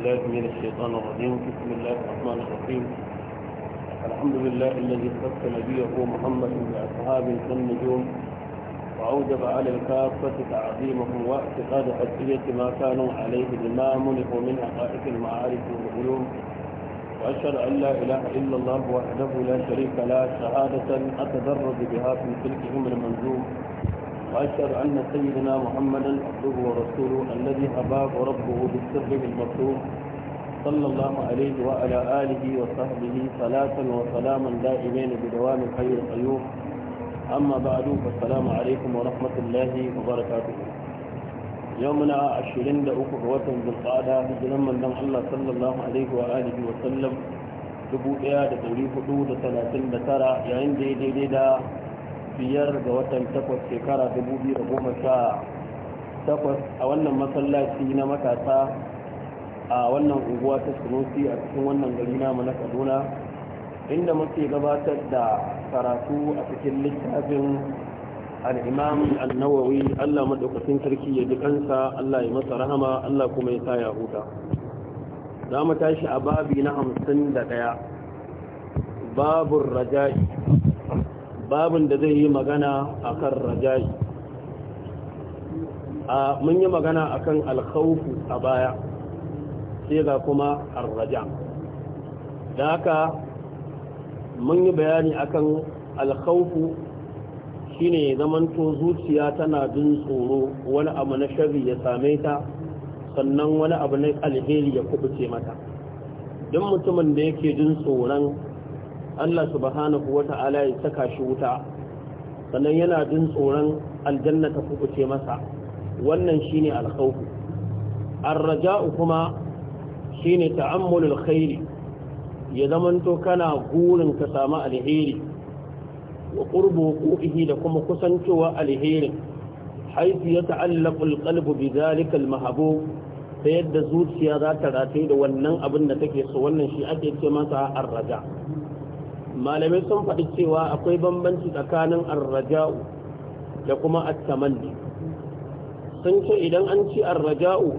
بالله من الشيطان الرجيم بسم الله الرحمن الرحيم الحمد لله الذي خص نبيه محمد بأصحاب كالنجوم وأوجب على الكافة تعظيمهم واعتقاد حسية ما كانوا عليه بما منحوا من حقائق المعارف والعلوم وأشهد أن لا إله إلا الله وحده لا شريك له شهادة أتدرج بها في تلك المنزوم وأشهد أن سيدنا محمدا عبده ورسوله الذي أباه ربه بالسر المكتوم صلى الله عليه وعلى آله وصحبه صلاة وسلاما دائمين بدوام خير القيوم أما بعد فالسلام عليكم ورحمة الله وبركاته يومنا عشرين دقوة وطن بالقعدة لما دم الله صلى الله عليه وآله وسلم دبوئيا دقوري حدود ثلاثين دترى يعني دي دي دي دا biyar ga watan takwas shekara dubu biyu da goma sha takwas a wannan masallaci na matasa a wannan unguwa ta sunusi a cikin wannan gari namu na kaduna inda muke gabatar da karatu a cikin littafin al'imam annawawi allah maɗaukacin sarki ya ji kansa allah ya masa rahama allah kuma ya sa ya huta za mu tashi a babi na hamsin da ɗaya babun raja'i babin da zai yi magana a kan rajayi a mun yi magana a kan alkhawufu a baya sai ga kuma arraja da haka mun yi bayani a kan alkhawufu shi ne zamanto zuciya tana jin tsoro wani abu na shari ya same ta sannan wani abu na alheri ya kubuce mata don mutumin da yake jin tsoron Allah subhanahu wata'ala ya saka shi wuta sannan yana jin tsoron aljanna ta kubuce masa wannan shine alkhawf arraja'u kuma shine ta'ammulul khairi ya zamanto kana gurin ka samu alheri wa qurbu qubihi da kuma kusancewa alherin haythu yata'allaqu alqalbu bidhalika almahbub ta yadda zuciya za ta rataye da wannan abin da take so wannan shi ake ce masa arraja malamai sun faɗi cewa akwai bambanci tsakanin arraja'u da kuma attamanni sun ce idan an ci arraja'u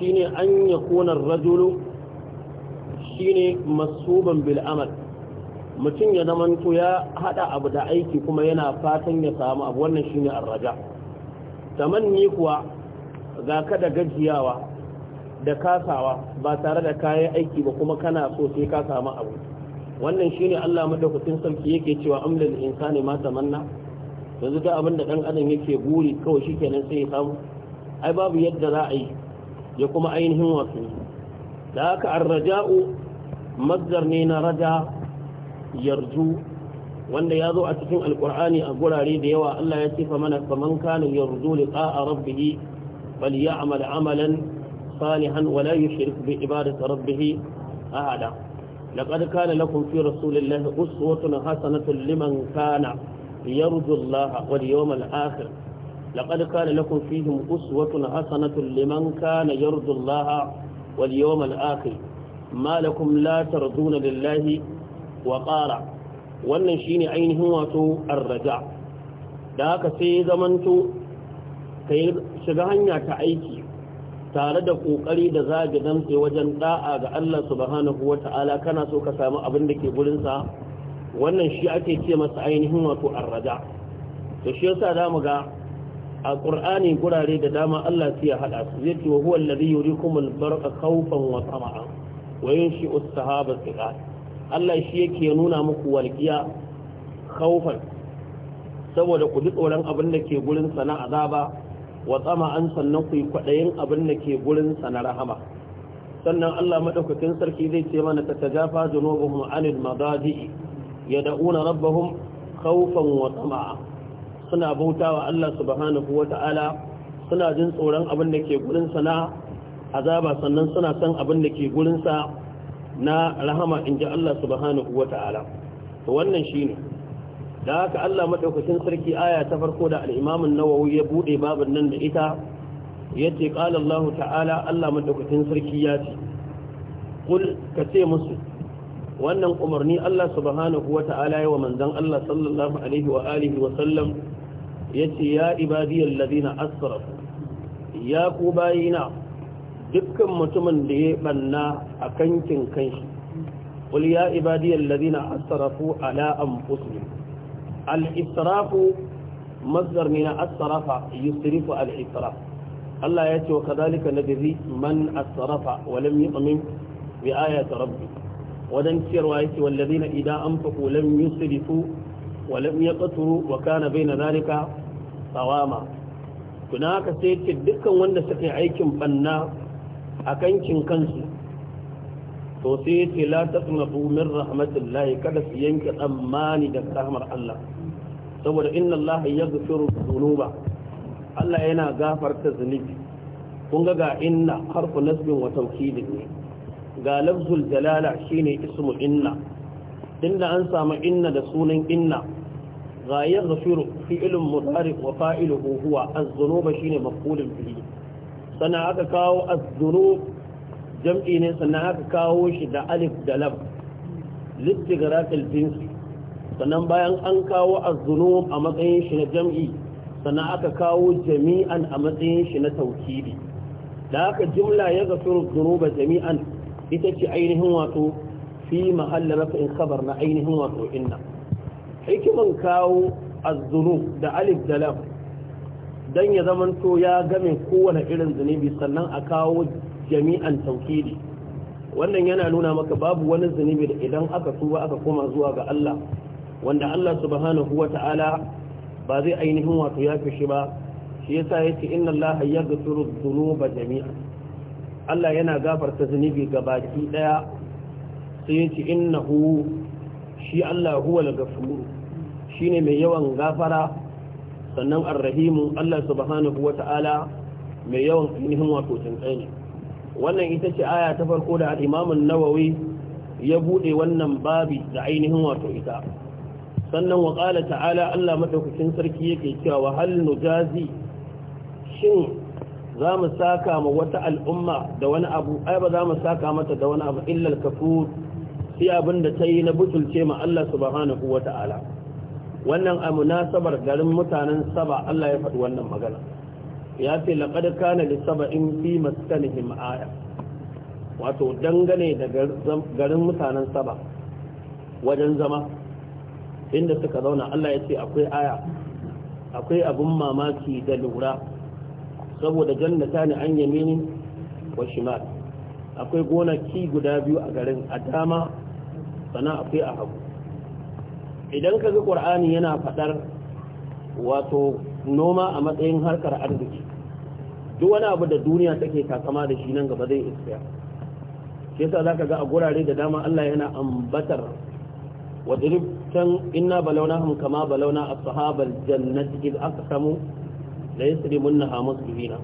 shine an ya konar rajulu shine masuban bil'amal mutum ya zamanto ya haɗa abu da aiki kuma yana fatan ya samu abu wannan shine arraja tamanni kuwa ga ka da gajiyawa da kasawa ba tare da kayan aiki ba kuma kana so sai ka samu abu wannan shine Allah madaukakin sarki yake cewa amlal insani ma tamanna yanzu da abin da dan adam yake buri kawai shikenan sai ya samu ai babu yadda za a yi ya kuma ainihin wasu da haka arraja'u mazdar ne na raja yarju wanda ya zo a cikin alkur'ani a gurare da yawa Allah ya sifa mana faman kana yarju liqa'a rabbih amala amalan salihan wa la yushrik bi ibadati rabbih ahada لقد كان لكم في رسول الله أسوة حسنة لمن كان يرجو الله واليوم الآخر لقد كان لكم فيهم أسوة حسنة لمن كان يرجو الله واليوم الآخر ما لكم لا ترجون لله وقال wannan shine ainihin wato arraja da haka sai zamanto kai shiga hanya ta aiki tare da kokari da zagi damtse wajen da'a ga Allah subhanahu wata'ala kana so ka samu abin da ke gurinsa wannan shi ake ce masa ainihin wato arraja to shi yasa zamu ga a qur'ani gurare da dama Allah sai ya hada su zai ce wa huwa alladhi yurikumul barqa khawfan wa tama'an wa yunshi'u as-sahaba thiqal Allah shi yake nuna muku walqiya khawfan saboda ku ji tsoron abin da ke gurin sana azaba wa tsama an sannan ku yi kwaɗayin abin da ke gurinsa na rahama sannan Allah madaukakin sarki zai ce mana ta tajafa junubuhum anil ya da'una rabbahum khawfan wa tama'a suna bautawa Allah subhanahu wata'ala suna jin tsoron abin da ke gurinsa na azaba sannan suna san abin da ke gurinsa na rahama inji Allah subhanahu wata'ala to wannan shine da haka Allah madaukakin sarki aya ta farko da al-Imam an-Nawawi ya bude babin nan da ita yace qala Allah ta'ala Allah madaukakin sarki ya ce kul kace musu wannan umarni Allah subhanahu wata'ala ya wa manzon Allah sallallahu alaihi wa alihi wa sallam yace ya ibadiyal ladina asrafu ya ku bayina dukkan mutumin da ya banna a kankin kanshi qul ya ibadiyal ladina asrafu ala anfusihim al-israfu masdar ne na asrafa yusrifu al Allah ya ce wa kadhalika nadri man asrafa wa lam yu'min bi ayati rabbi wadan ciyarwa yake wallazina idan an lam yusrifu wa lam yaqturu wa kana baina dhalika qawama kuna haka sai ce dukkan wanda suka aikin banna a kankin kansu to sai yace la tasnafu min rahmatillahi kada su yanke tsammani da rahmar Allah saboda inna Allah yaghfiru dhunuba Allah yana gafarta zunubi kun ga ga inna harfu nasbin wa tawkidin ne ga lafzul jalala shine ismu inna inda an samu inna da sunan inna ga yaghfiru fi'lun mudari wa fa'iluhu huwa az-dhunuba shine maf'ulun bihi sana aka kawo az-dhunub jam'i ne sannan aka kawo shi da alif da lam littigarafil jinsi sannan bayan an kawo azunum a matsayin shi na jam'i sannan aka kawo jami'an a matsayin shi na taukidi da aka jimla ya gafiru zunuba jami'an ita ce ainihin wato fi mahallin rafin kabar na ainihin wato inna hikiman kawo azunu da alif da lab don ya zamanto ya game kowane irin zunubi sannan a kawo jami'an tauhidi wannan yana nuna maka babu wani zunubi da idan aka tuba aka koma zuwa ga Allah wanda Allah subhanahu wata'ala ba zai ainihin wato yafi shi ba shi yasa yace inna Allah yaghfiru dhunuba jami'an Allah yana gafarta zunubi baki daya sai yace innahu shi Allah huwa al-ghafur shine mai yawan gafara sannan ar-rahim Allah subhanahu wata'ala mai yawan ainihin wato tantsaye wannan ita ce aya ta farko da al'imamun nawawi ya buɗe wannan babi da ainihin wato ita sannan wa ƙala ta'ala Allah maɗaukacin sarki yake cewa wa hal nujazi shin za mu saka ma wata al'umma da wani abu ai ba za mu saka mata da wani abu illal kafur sai abin da ta yi na butulce ma Allah subhanahu wa ta'ala wannan a munasabar garin mutanen saba Allah ya faɗi wannan magana ya ce laƙad kana da saba'in fi maskanihim aya wato dangane da garin mutanen saba wajen zama inda suka zauna Allah ya ce akwai aya akwai abin mamaki da lura saboda jannata ne an yamini wa shimal akwai gonaki guda biyu a garin a dama sannan akwai a hagu idan ka ga ƙur'ani yana faɗar wato noma a matsayin harkar arziki duk wani abu da duniya take takama da shi nan gaba zai iska shi yasa zaka ga a gurare da dama Allah yana ambatar wa dirib can inna balawnahum kama balawna ashabal jannati id aqsamu la yasrimunha musbihina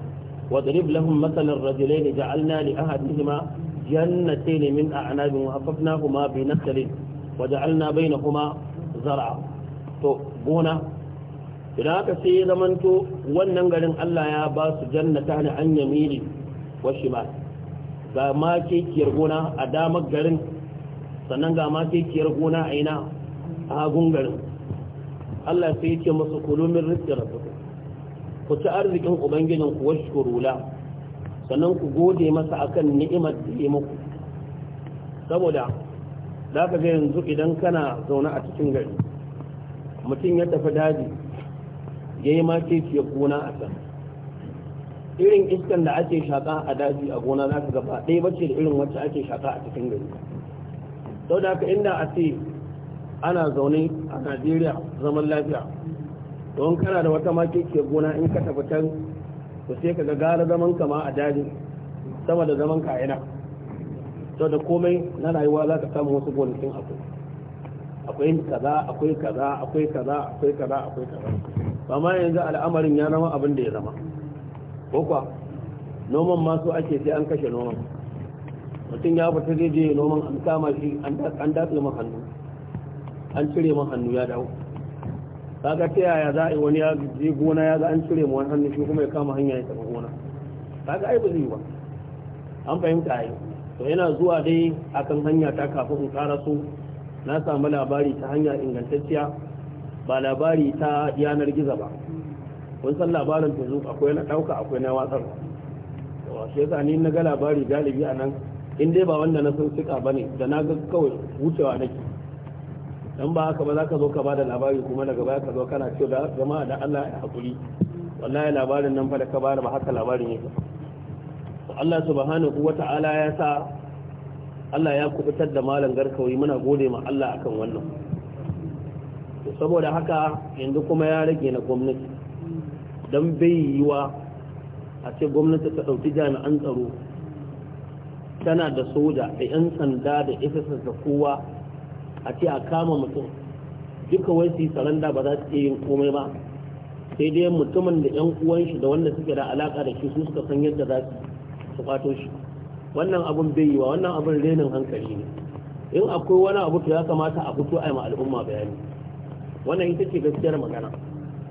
wa dirib lahum mathalan rajulain ja'alna li ahadihima jannatayn min a'nabin wa hafafnahuma bi nakhilin wa ja'alna bainahuma zar'a to gona idan haka sai ya zamanto wannan garin Allah ya ba su jannata ne an yamini wa shimal ga ma kekiyar gona a damar garin sannan ga ma kekiyar gona a ina a hagun garin Allah sai ce masu kulumin rikin rafiku ku ci arzikin ubangijin ku wasu kurula sannan ku gode masa akan ni'imar da ya muku saboda za ka ga yanzu idan kana zaune a cikin gari mutum ya tafi daji yayi yi mace gona a can irin iskan da ake shaka a daji a gona za ka gaba ɗaya bace da irin wacce ake shaka a cikin gari sau da haka inda a ce ana zaune a najeriya zaman lafiya don kana da wata mace ke gona in ka tafi can to sai ka ga gara zaman kama a daji sama da zaman ka ina sau da komai na rayuwa za ka samu wasu gonakin akwai akwai kaza akwai kaza akwai kaza akwai kaza akwai kaza amma yanzu al'amarin ya zama abin da ya zama ko kwa noman masu ake sai an kashe noman mutum ya fita zai je noman an kama shi an datse man hannu an cire man hannu ya dawo kaga ta yaya za a yi wani ya je gona ya ga an cire mu wani hannu shi kuma ya kama hanya ya taba gona kaga ai ba zai ba an fahimta ai to yana zuwa dai akan hanya ta kafin in karaso na samu labari ta hanya ingantacciya ba labari ta yanar gizo ba kun san labarin facebook akwai na ɗauka akwai na watsar shi yasa ni na ga labari galibi a nan in dai ba wanda na san suka ba ne da na ga kawai wucewa nake dan ba haka ba za ka zo ka ba da labari kuma daga baya ka zo kana ce da da Allah ya haƙuri wallahi labarin nan fa da ka ba da ba haka labarin yake Allah subhanahu wata'ala ya sa Allah ya kubutar da malam kawai muna gode ma Allah akan wannan saboda haka yanzu kuma ya rage na gwamnati don bai yiwa a ce gwamnati ta ɗauki jami'an tsaro tana da soja da 'yan sanda da fss da kowa a ce a kama mutum duka wai su yi saranda ba za su iya yin komai ba sai dai mutumin da 'yan uwan shi da wanda suke da alaka da shi su suka san yadda za su kwato shi wannan abin bai wa wannan abin renin hankali ne in akwai wani abu to ya kamata a fito a yi ma al'umma bayani wannan ita ce gaskiyar magana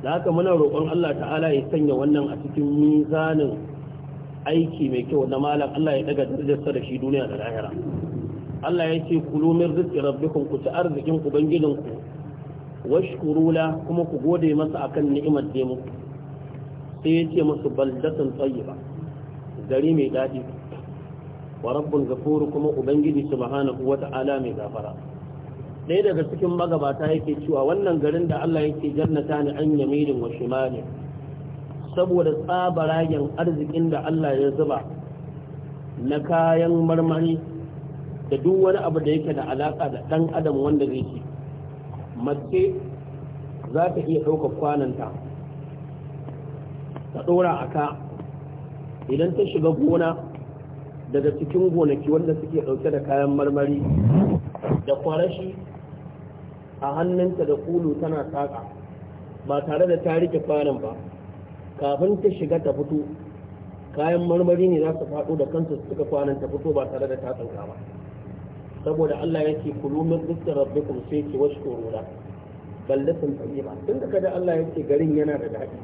da haka muna roƙon Allah ta'ala ya sanya wannan a cikin mizanin aiki mai kyau na malam Allah ya daga darajarsa da shi duniya da lahira Allah ya ce ku lumir rizqi rabbikum ku ta arzikin ku bangidin ku washkuru la kuma ku gode masa akan ni'imar da muku sai ya ce musu baldatan tayyiba gari mai dadi wa rabbul ghafur kuma ubangiji subhanahu ta'ala mai gafara ɗaya daga cikin magabata yake cewa wannan garin da Allah yake jannata ni an yamirin wa shimali saboda tsabaragen arzikin da Allah ya zuba na kayan marmari da duk wani abu da yake da alaka da ɗan adam wanda zai ci mace za ta iya ɗaukar kwananta ta ɗora a ka idan ta shiga gona daga cikin gonaki wanda suke ɗauke da kayan marmari da kwarashi a hannunta da kulu tana saƙa ba tare da ta rike ba kafin ta shiga ta fito kayan marmari ne za su faɗo da kansu su suka kwanan ta fito ba tare da ta tsanka ba saboda Allah ya ce kulu min rizqi rabbikum sai ki washkuru ballatin ballatun tun da kada Allah ya ce garin yana da daɗi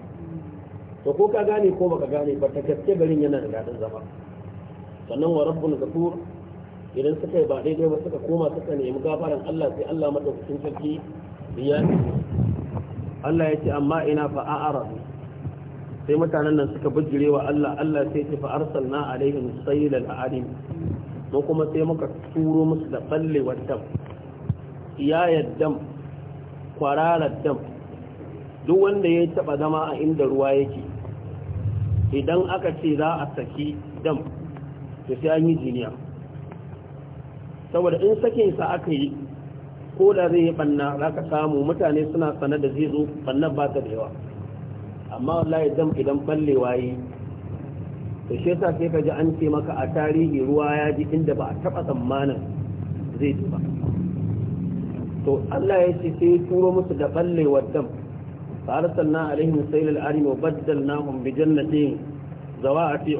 to ko ka gane ko baka gane ba ta gaske garin yana da daɗin zama sannan wa rabbun zakur idan suka yi ba daidai ba suka koma suka nemi gafaran Allah sai Allah madaukakin sarki ya Allah ya ce amma ina fa a'ara sai mutanen nan suka bijire wa Allah Allah sai ya ce fa arsalna alaihim sayyidal alim mu kuma sai muka turo musu da balle wadda iyayar dam kwararar dam duk wanda ya taba zama a inda ruwa yake idan aka ce za a saki dam to sai an yi jiniya saboda in sakin sa aka yi ko da zai yi banna za ka samu mutane suna sanar da zai zo banna ba ta da yawa amma wallahi dam idan ballewa yi da shi yasa sai ka ji an ce maka a tarihi ruwa ya ji inda ba a taɓa tsammanin zai ji ba to Allah ya ce sai turo musu da ballewar dam فأرسلنا عليهم bi jannatin وبدلناهم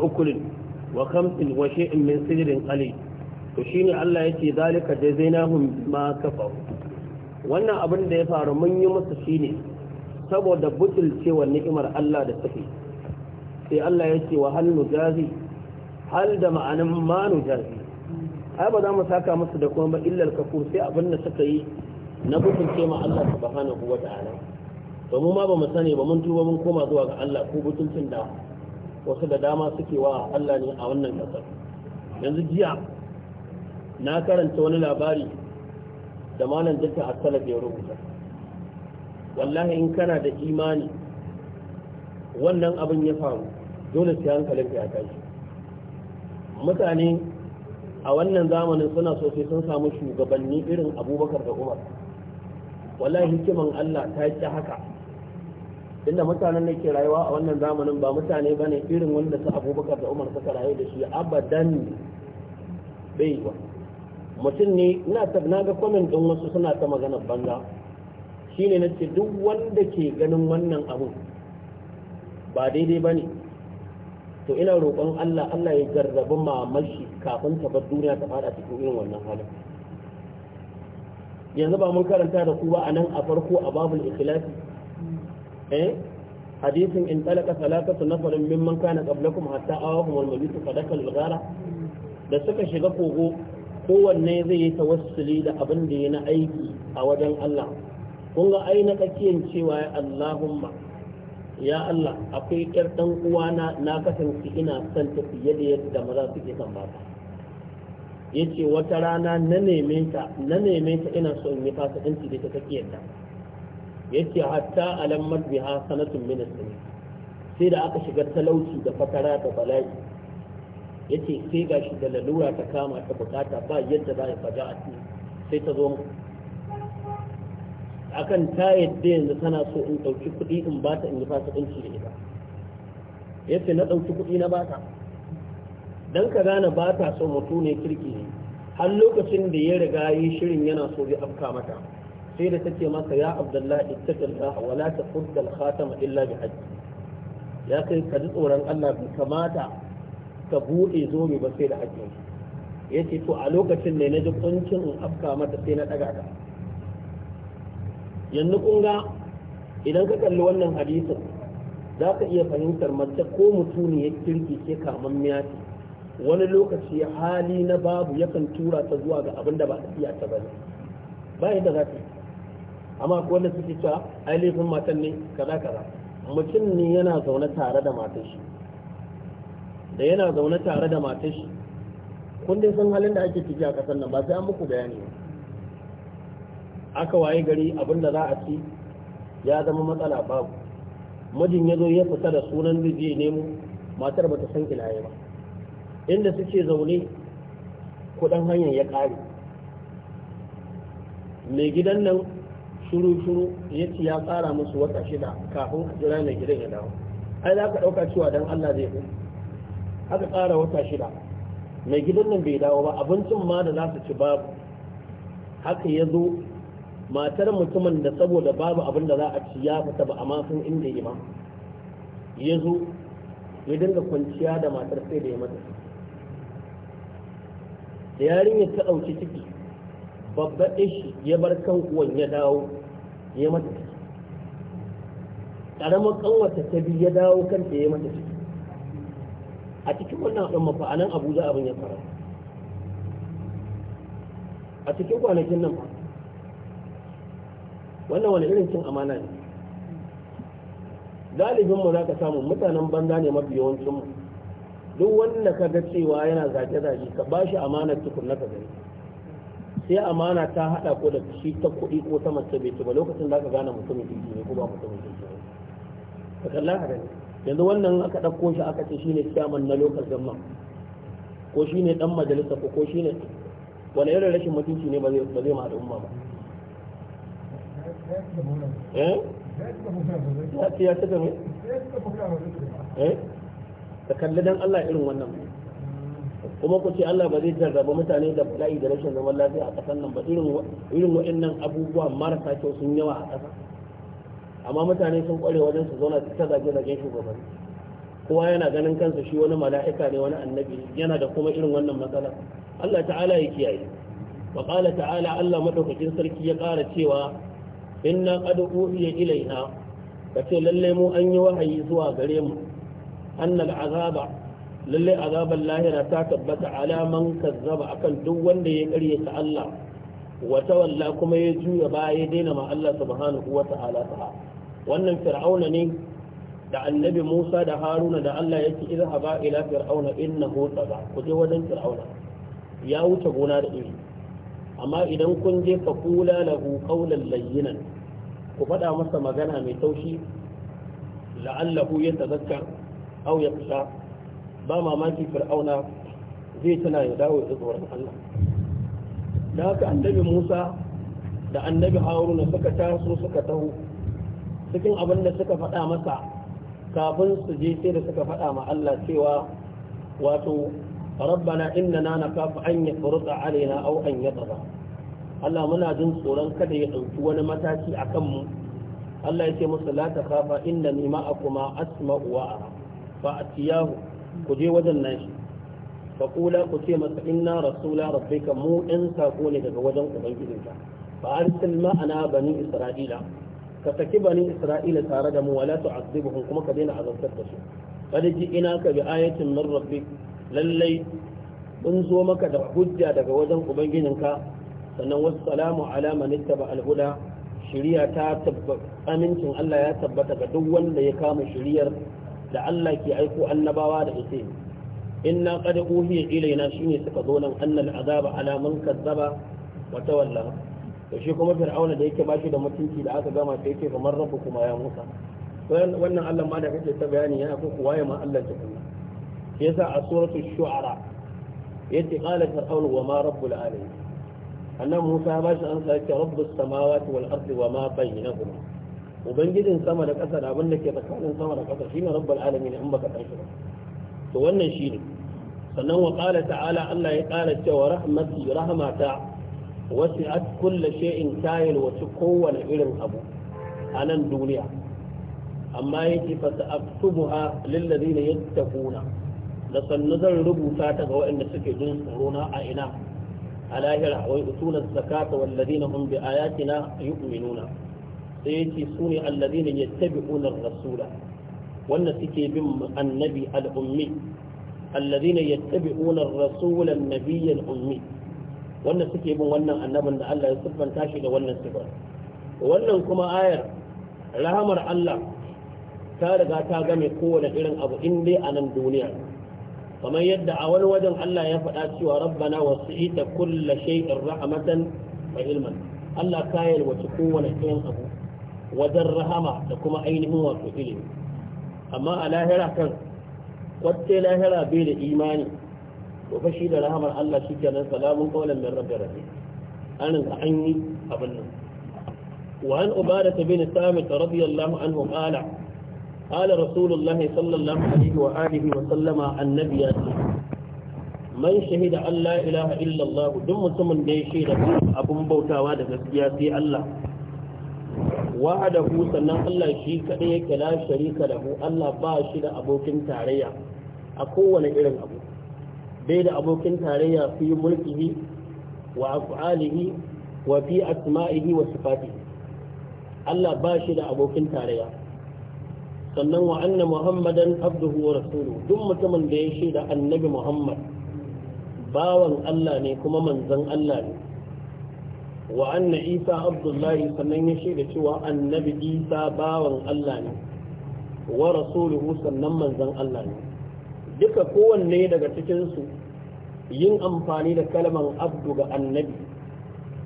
ukulin wa khamsin wa shay'in min sidrin qalil to shi ne Allah ya yake zalika jazainahum ma kafaru wannan abin da ya faru mun yi masa shine saboda butulcewa ni'imar Allah da take sai Allah ya ce wa hal nujazi hal da ma'anin ma nujazi ai ba za mu saka musu da kuma illal kafur sai abin da suka yi na butulce ma Allah subhanahu wa ta'ala to mu ma ba mu sani ba mun tuba mun koma zuwa ga Allah ko butulcin da wasu da dama suke wa Allah ne a wannan kasar yanzu jiya na karanta wani labari da malam jinta a salaf ya rubuta wallahi in kana da imani wannan abin ya faru dole sai hankalinka ya tashi mutane a wannan zamanin suna so sai sun samu shugabanni irin abubakar da umar wallahi hikiman allah ta yi haka inda mutanen da ke rayuwa a wannan zamanin ba mutane ba ne irin wanda su abubakar da umar suka rayu da shi abadan bai wa mutum ne ina ta na ga kwamin ɗin wasu suna ta magana banza ne na ce duk wanda ke ganin wannan abu ba daidai ba ne to ina roƙon Allah Allah ya garzabi mamashi kafin ta bar duniya ta fara cikin irin wannan halin yanzu ba mun karanta da ku ba a nan a farko a babul ikhlasi eh hadisin in talaka salatu nafarin mimman kana qablakum hatta awahum al-mabitu fadakal gara da suka shiga kogo kowanne zai yi tawassuli da abin da ya na aiki a wajen Allah kun ga ai na tsakiyar cewa ya Allahumma ya Allah akwai yar dan uwana na kasance ina son ta fiye da yadda maza suke son ba ta yace wata rana na neme ta na neme ta ina so in yi fasikanci da ta tsakiyar ta yace hatta alammar biha sanatun minas sai da aka shiga talauci da fatara da bala'i yace sai gashi da lalura ta kama ta bukata ba yadda za a faja a sai ta zo akan ta yadda yanzu tana so in ɗauki kuɗi in ba ta in yi fasikanci da ita yace na ɗauki kuɗi na ba ta dan ka gane ba ta so mutu ne kirki ne har lokacin da ya riga yi shirin yana so ya afka mata sai da take masa ya abdullahi ittaqillah wa la tafudda al-khatama illa bi hajji ya kai ka ji tsoron Allah bi kamata Ka buɗe zobe ba sai da haƙƙin ya ce to a lokacin ne na ji kuncin in afka mata sai na ɗaga ka yanzu kun ga idan ka kalli wannan hadisin za ka iya fahimtar mace ko mutuni ya kirki ke kaman miya wani lokaci hali na babu yakan tura ta zuwa ga abin da ba ta iya ta bane ba yadda za ta amma ko wanda suke cewa ai laifin matan ne kaza kaza mutum ne yana zaune tare da matan shi da yana zaune tare da matar shi kun dai san halin da ake ciki a ƙasar nan ba sai an muku bayani ba aka waye gari abin da za a ci ya zama matsala babu mijin ya zo ya fita da sunan da zai nemo matar ba ta san ilaye ba inda suke zaune kuɗin hanyar ya ƙare mai gidan nan shuru-shuru ya ci ya tsara musu wata shida kafin jira mai gidan ya dawo ai za ka ɗauka cewa don allah zai fi aka tsara wata shida mai gidan nan bai dawo ba abincin ma da za su ci babu haka ya zo matar mutumin da saboda babu abin da za a ci ya fita ba a masun inda ya ya zo ya dinga kwanciya da matar sai da ya mata da yarin ta ɗauki ciki babba ishi ya bar kan uwan ya dawo ya mata ciki ƙaramar ƙanwata ta biyu ya dawo kanta ya mata ciki a cikin wannan ɗan mafa a nan abuja abin ya faru a cikin kwanakin nan ba wannan wani irin cin amana ne galibin mu za ka samu mutanen banza ne mafi yawancin duk wanda ka ga cewa yana zage-zage ka ba shi amanar tukun na ka gani sai amana ta haɗa ko da shi ta kuɗi ko ta mace bai ci ba lokacin da ka gane mutumin kirki ne ko ba mutumin kirki ne ka kalla ka gani yanzu wannan aka ɗauko shi aka ce shine chairman na local government ko shine dan majalisa ko shine wani irin rashin mutunci ne ba zai ma al'umma ba eh ya ce da mai eh ka kalli dan Allah irin wannan kuma ku ce Allah ba zai jarraba mutane da bala'i da rashin zaman lafiya a ƙasar nan ba irin waɗannan abubuwa marasa kyau sun yawa a ƙasa amma mutane sun kware wajen su zauna ta zage zagen shugabanni kowa yana ganin kansa shi wani mala'ika ne wani annabi yana da kuma irin wannan matsala Allah ta'ala ya kiyaye wa qala ta'ala Allah madaukakin sarki ya ƙara cewa inna qad uhiya ilaina kace lalle mu an yi wahayi zuwa gare mu annal azaba lalle azaban lahira ta tabbata ala man kazzaba akan duk wanda ya ka Allah wa tawalla kuma ya juya baya ya daina ma Allah subhanahu wa ta'ala ta'a wannan fir'auna ne da annabi Musa da Haruna da Allah ya ce izhaba ila fir'auna innahu tagha ku je wajen fir'auna ya wuce gona da iri amma idan kun je ka kula lahu qawlan layyinan ku faɗa masa magana mai taushi la'allahu yatazakka aw yakhsha ba mamaki fir'auna zai tana ya dawo da Allah da haka annabi Musa da annabi Haruna suka taso suka taho cikin abin da suka faɗa masa kafin su je sai da suka faɗa ma Allah cewa wato rabbana innana nakafu an yafruta alaina aw an yataba Allah muna jin tsoron kada ya dauki wani mataki akan mu Allah yake musu la takafa innani ma'akuma asma'u wa ara fa atiyahu ku je wajen nan shi kula ku ce masa inna rasula rabbika mu ɗan sako ne daga wajen ubangijinka fa arsil ma'ana bani isra'ila ka saki bani isra'ila tare da mu wala tu'azzibuhum kuma ka daina azabtar da su kada ji ina ka bi ayatin min rabbik lallai mun zo maka da hujja daga wajen ubangijinka sannan wassalamu ala man ittaba al-huda shiriya ta amincin Allah ya tabbata ga duk wanda ya kama shiriyar da Allah ke aiko annabawa da ita inna qad uhiya ilaina shine suka zo nan annal azaba ala man kazzaba wa tawalla to shi kuma fir'auna da yake ba shi da mutunci da aka gama sai yake kamar rabu kuma ya musa wannan Allah ma da kake ta bayani yana ko kuwa ya ma Allah ta kuma shi yasa a suratul shu'ara yace qala fir'auna wa ma rabbul alamin annan musa ba shi an sake rabbus samawati wal ardi wa ma bainahuma ubangijin sama da ƙasa da abin da ke tsakanin sama da ƙasa shine rabbul alamin in baka san shi ba to wannan shine sannan wa qala ta'ala Allah ya qala cewa rahmati rahmata wasu at kulla shay'in kayan wasu kowane irin abu a nan duniya amma yake fa sa'aktubuha lil ladina yattaquna da sannu zan rubuta ta ga waɗanda suke jin tsoro na a ina a lahira wai utulan zakata wal ladina hum bi ayatina yu'minuna sai yace sune alladina yattabi'una ar-rasula wanda suke bin annabi al-ummi alladina ya ar-rasula an-nabiyya ummi wannan suke bin wannan annabin da Allah ya siffanta shi da wannan sifar wannan kuma ayar rahamar Allah ta riga ta game kowane irin abu in dai a nan duniya kamar yadda a wani wajen Allah ya faɗa cewa rabbana wasi'ita kulla shay'in rahmatan wa ilman Allah ka yalwaci kowane irin abu wajen rahama da kuma ainihin wato ilimi amma a lahira kan kwatte lahira bai da imani ko fa shi da rahamar Allah shi ke nan salamun kawalan min rabbi rabbi an ka an yi abin nan wa an ubada bin samit radiyallahu anhu qala قال رسول الله صلى الله عليه annabi ya النبي man shahida Allah ilaha illallah duk mutumin da ya shaida abun bautawa da gaskiya sai Allah wa'adahu sannan Allah shi kadai yake la sharika lahu Allah ba shi da abokin tarayya a kowane irin abu bai da abokin tarayya fi mulkihi wa af'alihi wa fi asma'ihi wa sifatihi Allah ba shi da abokin tarayya sannan wa anna muhammadan abduhu wa rasuluhu duk mutumin da ya shaida annabi muhammad bawan Allah ne kuma manzon Allah ne wa anna isa abdullahi sannan ya shaida cewa annabi isa bawan Allah ne wa rasuluhu sannan manzon Allah ne duka kowanne daga cikinsu yin amfani da kalmar abdu ga annabi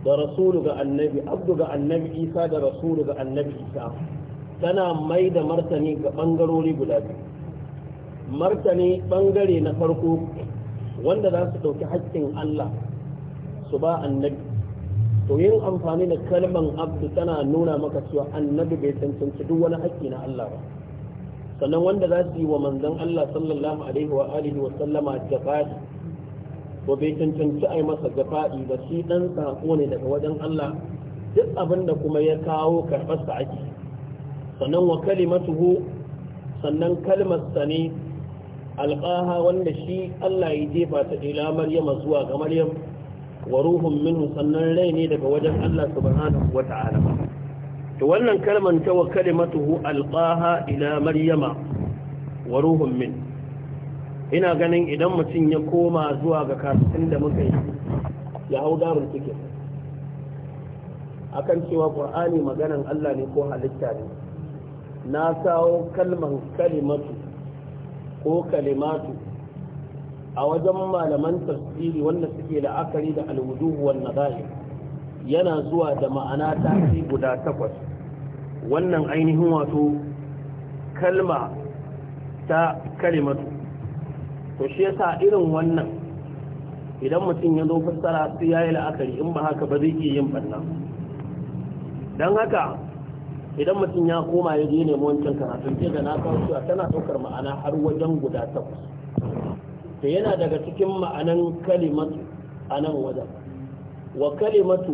da rasulu ga annabi abdu ga annabi isa da rasulu ga annabi isa tana mai da martani ga ɓangarori guda biyu martani ɓangare na farko wanda za su ɗauki haƙƙin allah su ba annabi to yin amfani da kalmar abdu tana nuna maka cewa annabi bai cancanci duk wani haƙƙi na allah ba sannan wanda za su yi wa manzan Allah sallallahu alaihi wa alihi wa sallama jafa'i ko bai cancanci ai masa jafa'i ba shi dan sako ne daga wajen Allah duk abin da kuma ya kawo karɓar ake sannan wa kalimatuhu sannan kalmar ne alqaha wanda shi Allah ya jefa ta ila Maryam zuwa ga Maryam wa ruhun minhu sannan rai ne daga wajen Allah subhanahu wa ta'ala wannan kalman ta wa kalimatuhu alqaha ila maryama wa ruhun min ina ganin idan mutum ya koma zuwa ga kasin da muka yi ya hau darun cikin akan cewa qur'ani maganan Allah ne ko halitta ne na kawo kalman kalimatu ko kalimatu a wajen malaman tafsiri wanda suke la'akari da alwuduhu wan nadahir yana zuwa da ma'ana ta guda takwas wannan ainihin wato kalma ta kalimatu to shi yasa irin wannan idan mutum ya zo fassara sai ya yi la'akari in ba haka ba zai iya yin banna don haka idan mutum ya koma ya je nemi wancan karatun ce da na kawo a tana ɗaukar ma'ana har wajen guda takwas to yana daga cikin ma'anan kalimatu a nan wajen wa kalimatu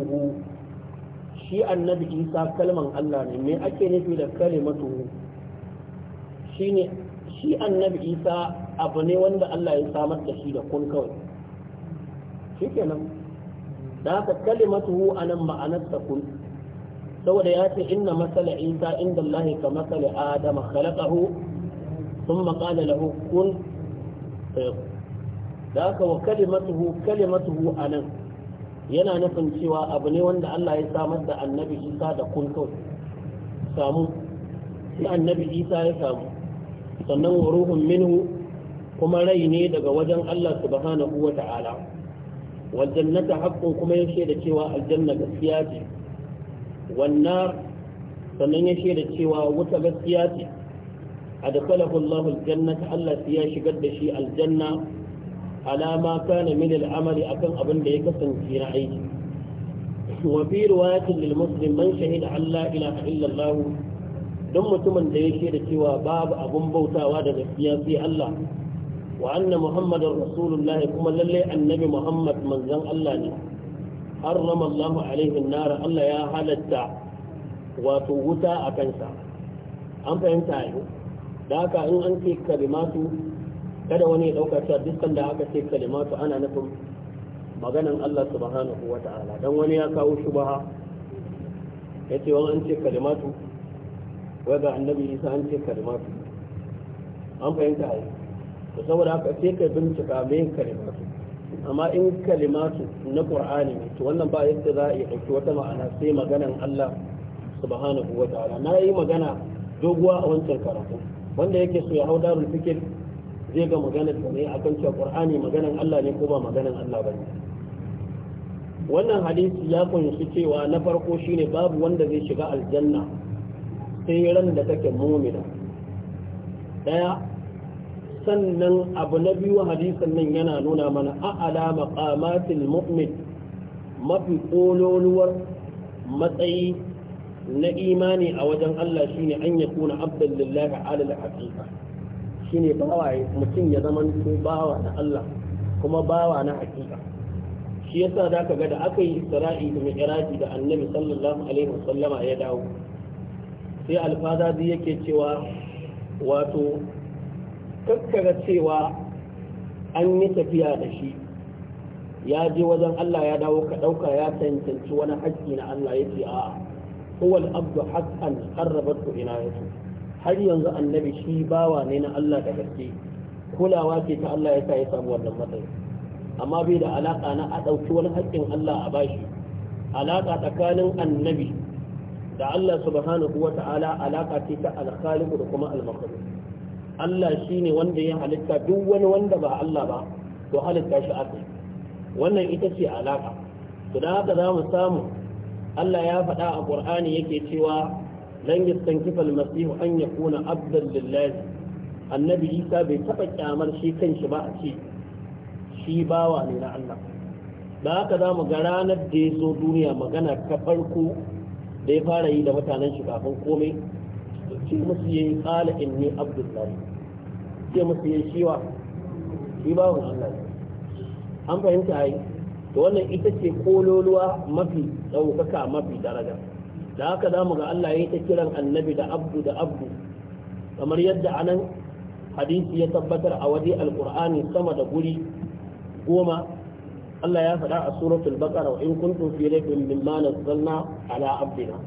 shi annabi isa kalman Allah ne me ake nufi da kalimatu shine shi annabi isa abu ne wanda Allah ya samar da shi da kun kawai shi kenan da haka kalimatu anan ma'anarsa kun saboda ya ce inna masala isa inda Allah ka masala adama khalaqahu thumma qala lahu kun da haka wa kalimatuhu a nan? yana nufin cewa abu ne wanda Allah ya samar da annabi isa da kun kawai samu sai annabi isa ya samu sannan ruhun minhu kuma rai ne daga wajen Allah subhanahu wa ta'ala wal ta haqqun kuma ya shaida cewa aljanna gaskiya ce wannan sannan ya shaida cewa wuta gaskiya ce adkalahu Allahu aljannata Allah ya shigar da shi aljanna ma kana min al'amali akan abin da ya kasance na aiki wa fi riwayatin lil muslim man shahida Allah ilaha Allah. don mutumin da ya da cewa babu abun bautawa da gaskiya sai Allah wa anna muhammadar rasulullah kuma lalle annabi muhammad manzon Allah ne harrama Allah alaihi an-nar Allah ya halatta wato wuta a kansa an fahimta yau da haka in an ce kalimatu kada wani ya dauka cewa dukkan da aka ce kalimatu ana nufin maganan Allah subhanahu wa ta'ala dan wani ya kawo shubaha yace wani an ce kalimatu wai ga annabi Isa an ce kalimatu an fahimta ai to saboda aka ce ka bincika mai kalimatu amma in kalimatu na qur'ani ne to wannan ba yadda za a yi dauki wata ma'ana sai maganan Allah subhanahu wa ta'ala na yi magana doguwa a wancan karatu wanda yake so ya hau darul fikir zai ga maganar sa a kan cewa Qur'ani maganar Allah ne ko ba maganar Allah ba ne wannan hadisi ya kunshi cewa na farko shine babu wanda zai shiga aljanna sai ran da take mumina daya sannan abu na biyu hadisin nan yana nuna mana alama maqamatil mu'min mafi kololuwar matsayi na imani a wajen Allah shine an yakuna abdan lillahi ala al-haqiqa shine bawa mutum ya zama to bawa na Allah kuma bawa na hakika shi yasa za ka ga da aka yi isra'i da mi'raji da annabi sallallahu alaihi sallama ya dawo sai alfazazi yake cewa wato kakkara cewa an yi tafiya da shi ya je wajen Allah ya dawo ka ɗauka ya cancanci wani haƙƙi na Allah ya ce a huwal abdu haqqan qarrabat ilayhi har yanzu annabi shi bawa ne na Allah da gaske kulawa ce ta Allah ya sa ya samu wannan matsayi amma bai da alaka na a ɗauki wani haƙƙin Allah a bashi alaka tsakanin annabi da Allah subhanahu wa ta'ala alaka ce ta alkhaliqu da kuma al-makhluq Allah shine wanda ya halitta duk wani wanda ba Allah ba to halitta shi aka wannan ita ce alaka to da haka zamu samu Allah ya faɗa a Qur'ani yake cewa lan yastankifa almasihu an yakuna abdan lillahi annabi isa bai taba kyamar shi kanshi ba a ce shi bawa ne na Allah da haka za mu ga ranar da ya zo duniya magana ta farko da ya fara yi da mutanen shi kafin komai ce musu yayi qala inni abdullah ce musu yayi shiwa shi bawa Allah an fahimta ai to wannan ita ce kololuwa mafi ɗaukaka mafi daraja da haka za mu ga Allah ya yi ta kiran annabi da abdu da abdu kamar yadda anan hadisi ya tabbatar a waje alkur'ani sama da guri goma Allah ya faɗa a suratul baqara wa in kuntum fi raybin mimma nazzalna ala abdina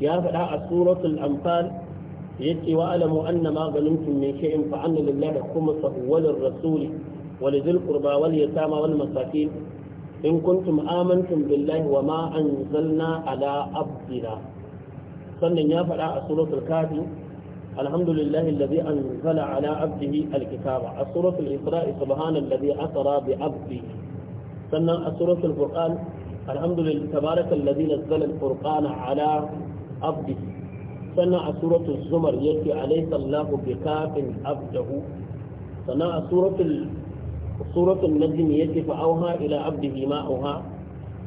ya faɗa a suratul anfal yace wa alamu anna ma ganimtum min shay'in fa anna lillahi khumsahu wa lirrasuli wa lidhil qurba wal yatama wal masakin in kuntum amantum billahi wa ma anzalna ala abdina sannan ya faɗa a suratul kafi alhamdulillahi alladhi anzala ala abdihi alkitaba a suratul isra'i subhanallazi asra bi abdi sannan a suratul furqan alhamdulillah tabarakallazi nazzala alfurqana ala abdi sannan a suratul zumar yake alaysa allahu kafin abdahu sannan a suratul suratul najm yace fa auha ila abdihi ma auha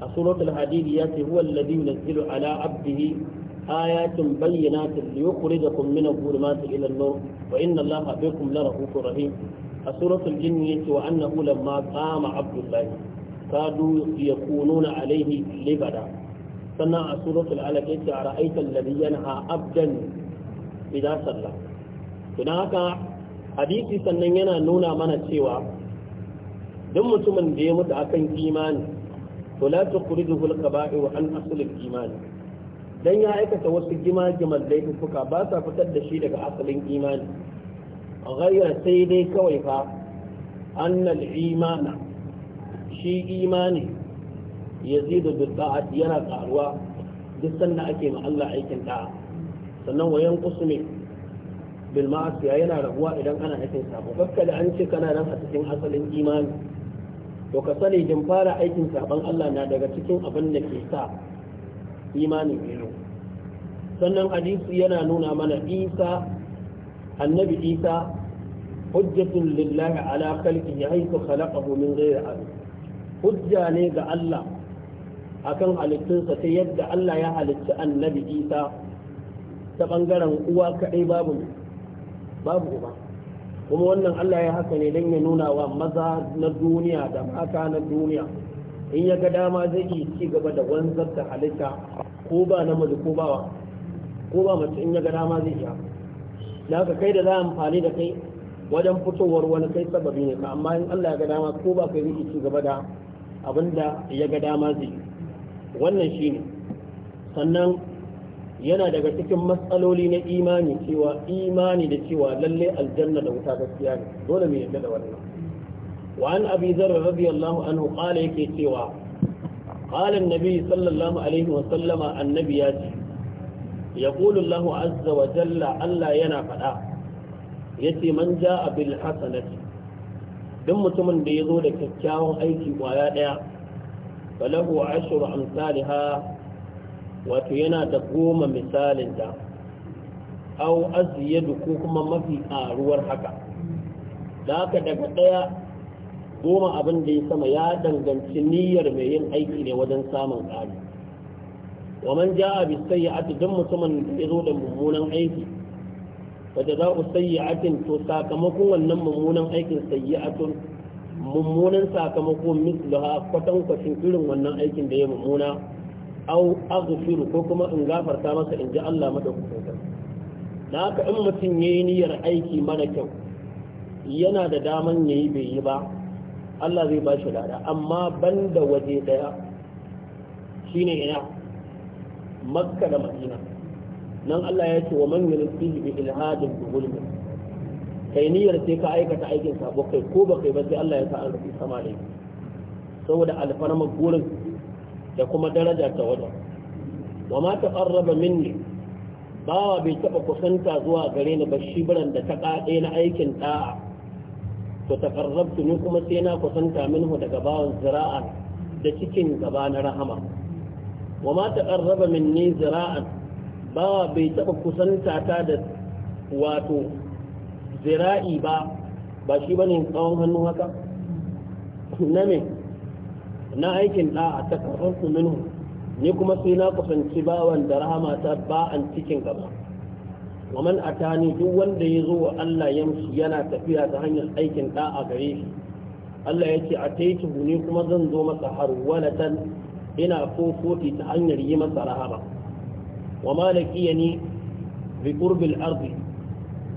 a suratul hadid yace huwa alladhi yunzilu ala abdihi ayatin bayyinatin liyukhrijakum min adh-dhulumati ila an-nur wa inna allaha bikum larahufur rahim a suratul jinn yace wa annahu lamma qama abdullah kadu yakununa alayhi libada sannan a suratul alaq yace ara'aita alladhi yanha abdan idza idan haka hadisi sannan yana nuna mana cewa duk mutumin da ya mutu akan imani to la tukhrijuhu al wa an asl al dan ya aikata wasu gima-giman laifuka ba sa fitar da shi daga asalin imani ghayra sai dai kawai fa anna al shi imani yazidu bi ta'at yana karuwa duk sanda ake ma Allah aikin da'a sannan wayan kusumi bil ma'asiya yana rabuwa idan ana aikin sabo kakka da an ce kana nan a cikin asalin imani to ka sani din fara aikin saban Allah na daga cikin abin da ke sa imanin yaro sannan hadisi yana nuna mana Isa annabi Isa hujjatun lillahi ala khalqihi haythu khalaqahu min ghairi abin hujja ne ga Allah akan halittunsa ta yadda Allah ya halitta annabi Isa ta bangaren uwa kaɗai babu babu uba kuma wannan Allah ya haka ne don ya nuna wa maza na duniya da mata na duniya in ya ga dama zai yi ci gaba da wanzar da halitta ko ba namiji ko ba ko ba mace in ya ga dama zai iya da haka kai da za a amfani da kai wajen fitowar wani kai sababi ne ka amma in Allah ya ga dama ko ba kai zai ci gaba da abin da ya ga dama zai wannan shine sannan yana daga cikin matsaloli na imani cewa imani da cewa lalle aljanna da wuta gaskiya ne dole mu yadda da wannan wa an abi zarra radiyallahu anhu qala yake cewa qala annabi sallallahu alaihi wa sallama annabi ya ce yaqulu Allahu azza wa jalla Allah yana fada yace man jaa bil hasanati duk mutumin da ya zo da kyakkyawan aiki kwaya daya falahu ashru amsalha wato yana da goma misalin da au aziyadu ko kuma mafi karuwar haka da haka daga ɗaya goma abin da ya sama ya danganci niyyar mai yin aiki ne wajen samun ƙari wa man ja'a bi sayyi'ati dan mutumin da ya zo da mummunan aiki wa jaza'u sayyi'atin to sakamakon wannan mummunan aikin sayyi'atun mummunan sakamako mislaha kwatankwacin irin wannan aikin da ya mummuna au aghfir ko kuma in gafarta maka in ji Allah madaukakin sarki da haka in mutum yayi niyyar aiki mara kyau yana da daman yayi bai yi ba Allah zai ba shi lada amma banda waje daya shine ina makka da madina nan Allah ya ce wa man yulqihi bi ilhadin bi zulmi kai niyyar sai ka aikata aikin sabo kai ko ba kai ba sai Allah ya sa an rufe sama ne saboda alfarma gurin da kuma daraja ta wajen wa ma taqarraba minni bawa bai taɓa kusanta zuwa gare ni ba shi shibran da ta kade na aikin ɗa'a. to taqarrabtu ni kuma sai na kusanta minhu daga bawan zira'a da cikin gaba na rahama wa ma taqarraba minni zira'an bawa bai taɓa kusanta ta da wato zira'i ba ba shi ne tsawon hannu haka na me na aikin da'a ta karfansu minhu ni kuma sai na kusanci bawan da rahama ta ba'an cikin gaba wa man atani duk wanda ya zo wa Allah yamshi yana tafiya ta hanyar aikin da'a gare shi Allah ya ce a taitu ni kuma zan zo masa harwalatan ina fofoti ta hanyar yi masa rahama wa malaki ya ni bi qurbil ardi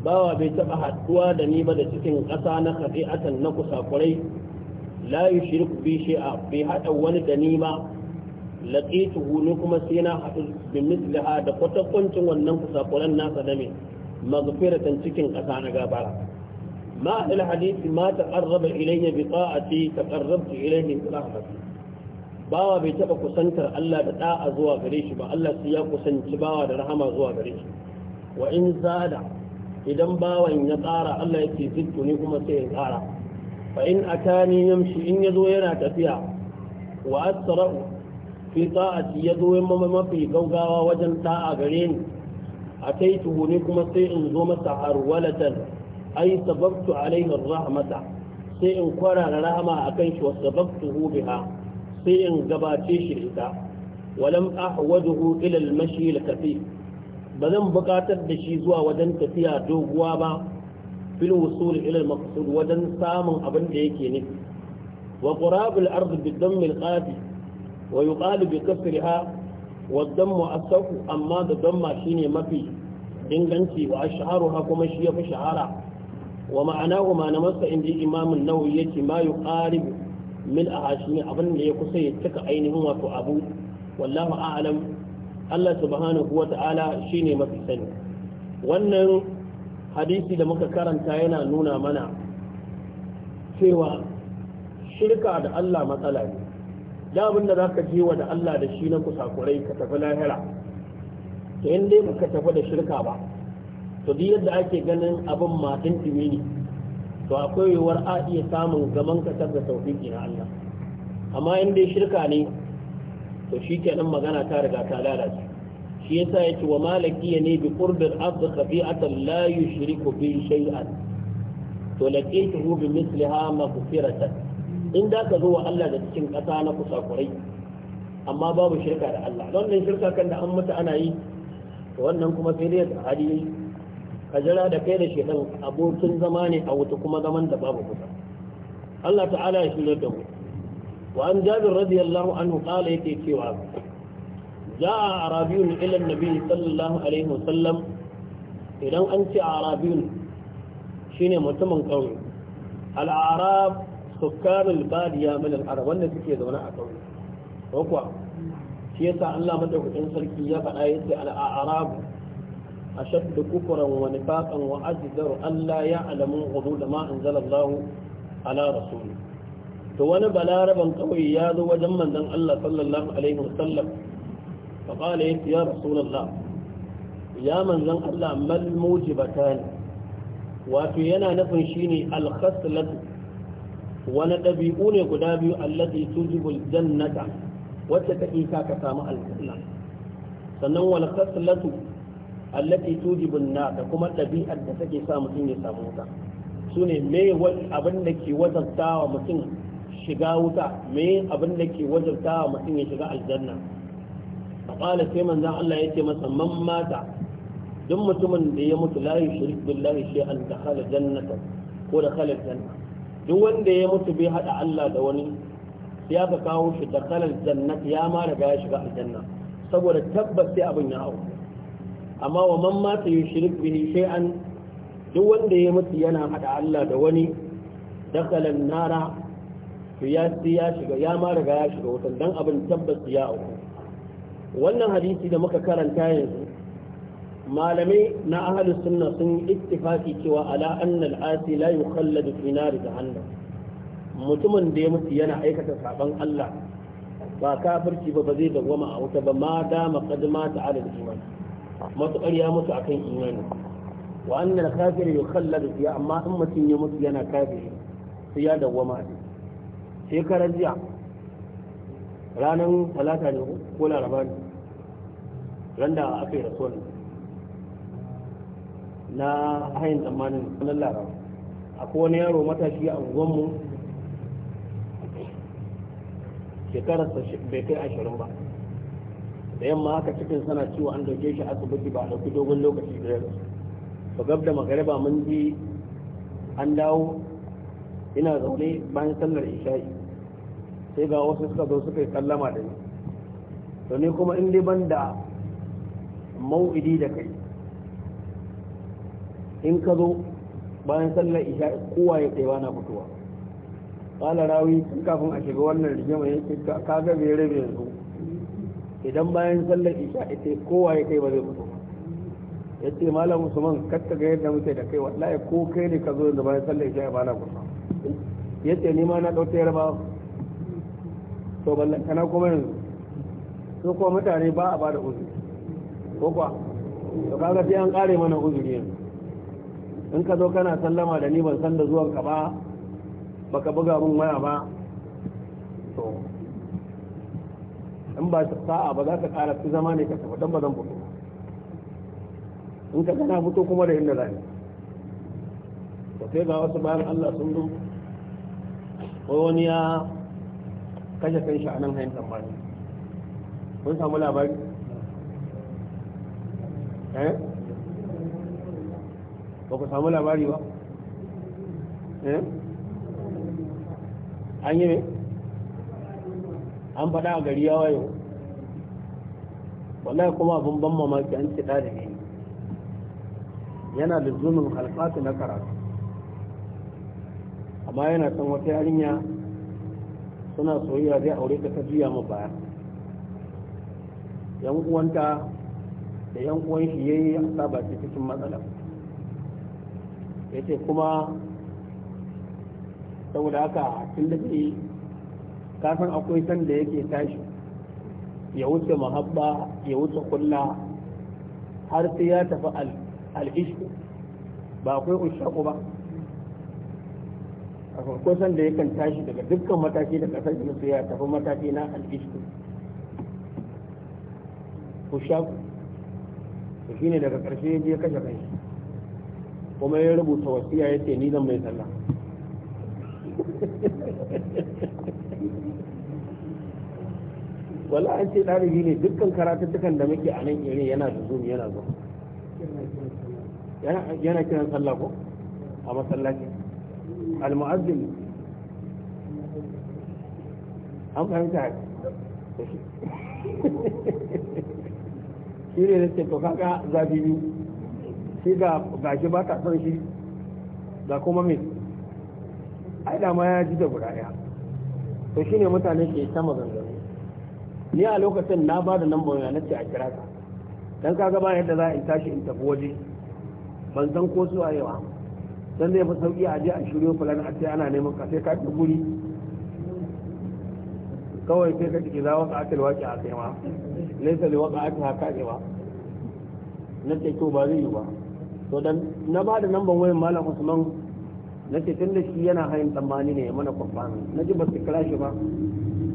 bawa bai taɓa haduwa da ni ba da cikin ƙasa na khati'atan na kusakurai la yushriku bi shay'a bai hada wani da ni ma laqituhu ni kuma sai na hadu bi misliha da kwatakwancin wannan kusakuran nasa na me maghfiratan cikin kasa na gabara ma al hadith ma taqarraba ilayya bi ta'ati taqarrabtu ilayhi bi rahmati bawa bai taba kusantar Allah da da'a zuwa gare shi ba Allah sai ya kusanci bawa da rahama zuwa gare shi wa in zada idan bawan ya tsara Allah yake zittu ni kuma sai ya tsara fa in atani yamshi in yazo yana tafiya wa asra'u fi ta'ati yazo yamma mafi gaugawa wajen ta'a gare ni ataituhu ni kuma sai in zo masa harwalatan ai sababtu alaihi rahmata sai in kwarara rahama akan shi wa sababtuhu biha sai in gabace shi ita walam ahwaduhu ila al-mashi al-kafi bazan bukatar da shi zuwa wajen tafiya doguwa ba fil wusul ila al-maqsud wajen samun abin da yake ne wa qurabul ard bi damm al-qadi wa yuqalu bi kasriha wa damm asafu amma da damma shine mafi inganci wa ashharuha kuma shi yafi shahara wa ma'anahu ma na masa inji imam an-nawawi yace ma yuqarib min ahashini abin da ya kusa ya cika ainihin wato abu wallahu a'lam Allah subhanahu wa ta'ala shine mafi sani wannan hadisi da muka karanta yana nuna mana cewa shirka da Allah matsala ne da abin da za ka wa da Allah da shi na kusakurai ka tafi lahira to in dai ka tafi da shirka ba to duk yadda ake ganin abin matan dimi ne to akwai yiwuwar a iya samun zaman ka da tauhidi na Allah amma in dai shirka ne to shi kenan magana ta riga ta lalace shi yasa yace wa malaki ne bi qurbil abd khabi'atan la yushriku bi shay'an to laqituhu bi misliha maghfiratan in da ka zo wa Allah da cikin kasa na kusa kusakurai amma babu shirka da Allah wannan shirka kan da an mutu ana yi wannan kuma sai dai hali ka jira da kai da shedan abokin zama ne a wuta kuma zaman da babu kusa Allah ta'ala ya shirya da mu وعن جابر رضي الله عنه قال يكي cewa. جاء عربي إلى النبي صلى الله عليه وسلم إذا أنت عربي شين متمن قوي الأعراب سكان البادية من العرب وأن تكي دونا أقوي وقوى شيسا الله مدعو إنسان كي يفعل آية الأعراب أشد كفرا ونفاقا وأجدر أن لا يعلموا غدود ما أنزل الله على رسوله to wani balaraban kawai ya zo wajen manzon Allah sallallahu alaihi wasallam فقال يا رسول الله يا من زن الله ما الموجبتان وفي ينا نفن شيني الخسلة ونتبئون قدابي التي تجب الجنة وتتئيكا كسام الجنة سنو الخسلة التي تجب النار كما تبيئة تتكي سامتين يساموتا سنة مي والأبنك وزبتا ومتين shiga wuta me abin da ke wajabta wa mutum ya shiga aljanna faƙala sai manzan Allah ya ce masa man mata duk mutumin da ya mutu la yushrik billahi shay'an kala jannata ko kala janna duk wanda ya mutu bai haɗa Allah da wani sai aka kawo shi kala jannata ya ma riga ya shiga aljanna saboda tabbas sai abin ya auku amma wa man mata yushrik bihi shay'an duk wanda ya mutu yana haɗa Allah da wani kala nara ya ya shiga ya ma riga ya shiga wutan dan abin tabbas ya auku wannan hadisi da muka karanta yanzu malamai na ahalus sunna sun yi ittifaki cewa ala annal asi la yukhalladu fi nari jahannam mutumin da ya mutu yana aikata saban Allah ba kafirci ba ba zai dawwama a wuta ba ma dama qad mata ala iman matukar ya mutu akan imani wa annal kafir yukhalladu fi amma in mutum ya mutu yana kafiri sai ya dawwama shekarar jiya ranar talata ne ko laraba ne ran da aka yi rasuwar na hayin tsammanin ranar laraba akwai wani yaro matashi a unguwanmu shekararsa bai kai ashirin ba da yamma haka cikin sana ciwo an dauke shi asibiti ba a dauki dogon lokaci da yaro to gab da magariba mun ji an dawo ina zaune bayan sallar isha'i sai ga wasu suka zo suka yi sallama da ni to ne kuma in dai ban da mau'idi da kai in ka zo bayan sallar isha kowa ya tsaye na fitowa kala rawi tun kafin a shiga wannan rigima ce ka ga bai rabe yanzu idan bayan sallar isha ita kowa ya kai ba zai fito ya ce malam musamman katta ga yadda muke da kai wallahi ko kai ne ka zo yanzu bayan sallar isha ya bana kusa ya ce ni ma na ɗauke yarba to ballan kana kuma yanzu su kuma mutane ba a ba da uzuri ko kuwa to kaga sai an kare mana uzuri yanzu in ka zo kana sallama da ni ban san da zuwan ka ba baka buga mun waya ba to in ba sa'a ba za ka kara su zama ne ka tafi dan ba zan fito in ka gana fito kuma da inda zai to sai ga wasu bayan Allah sun zo wani ya kashe kan shi a nan hayan tsammani kun samu labari eh ba ku samu labari ba eh an yi ne an faɗa a gari ya wayo wallahi kuma abin ban mamaki an ce da ne yana da zumin halfafi na karatu amma yana son wata yarinya suna soyayya zai aure ta ta juya ma baya yan uwanta da yan uwan shi yayi a ce cikin matsala yace kuma saboda haka tun da ke kafin akwai san da yake tashi ya wuce mahabba ya wuce kulla har sai ya tafi al'ishku ba akwai ushaku ba a farko sanda yakan tashi daga dukkan mataki da kasar su ya tafi mataki na al'ishku ku shaku shi ne daga karshe ya kashe kai kuma ya rubuta wasiya ya ce ni zan mai sallah wala an ce ɗalibi ne dukkan karatuttukan da muke a nan irin yana da zumi yana zuwa yana kiran sallah ko a masallaci almu'azzin an fahimta shi ne da to kaga zafi biyu shi ga gashi ba ta son shi ga kuma mai ai da ma ya ji da guda ɗaya to shi ne mutane ke ta maganganu ni a lokacin na ba da lambar ya nace a kira ka dan kaga ba yadda za in tashi in tafi waje ban san ko su a yawa dan zai fi sauki a je a shirya fulani a ce ana neman ka sai ka ci guri kawai sai ka ciki za waka akil waki a kai ma laisa da waka ake haka ne ba na ce to ba zai yi ba to dan na ba da namban wayan malam usman na ce tun da shi yana hain tsammani ne ya mana kwamfani na ji ba su kira shi ba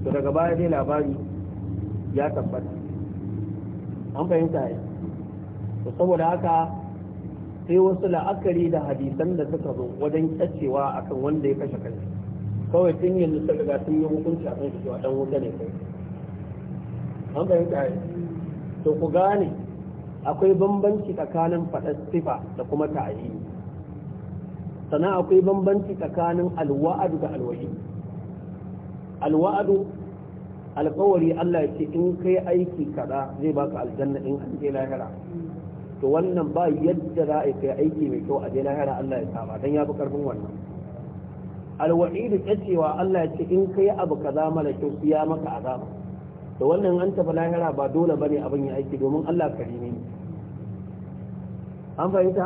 to daga baya dai labari ya tabbata an fahimta ya saboda haka sai wasu la'akari da hadisan da suka zo wajen kyacewa akan wanda ya kashe kansa kawai tun yanzu sun riga sun yi hukunci a shi cewa dan wuta ne kai an fahimta to ku gane akwai bambanci tsakanin faɗar sifa da kuma ta'ayi sannan akwai bambanci tsakanin alwa'adu da alwahi alwa'adu alkawari Allah ya ce in kai aiki kaza zai baka aljanna in an je lahira to wannan ba yadda za a kai aiki mai kyau a je lahira Allah ya saba dan ya fi karfin wannan alwa'idu ta cewa Allah ya ce in kai abu kaza mala kyau su ya maka azaba to wannan an tafi lahira ba dole bane abin ya aiki domin Allah karimi an fahimta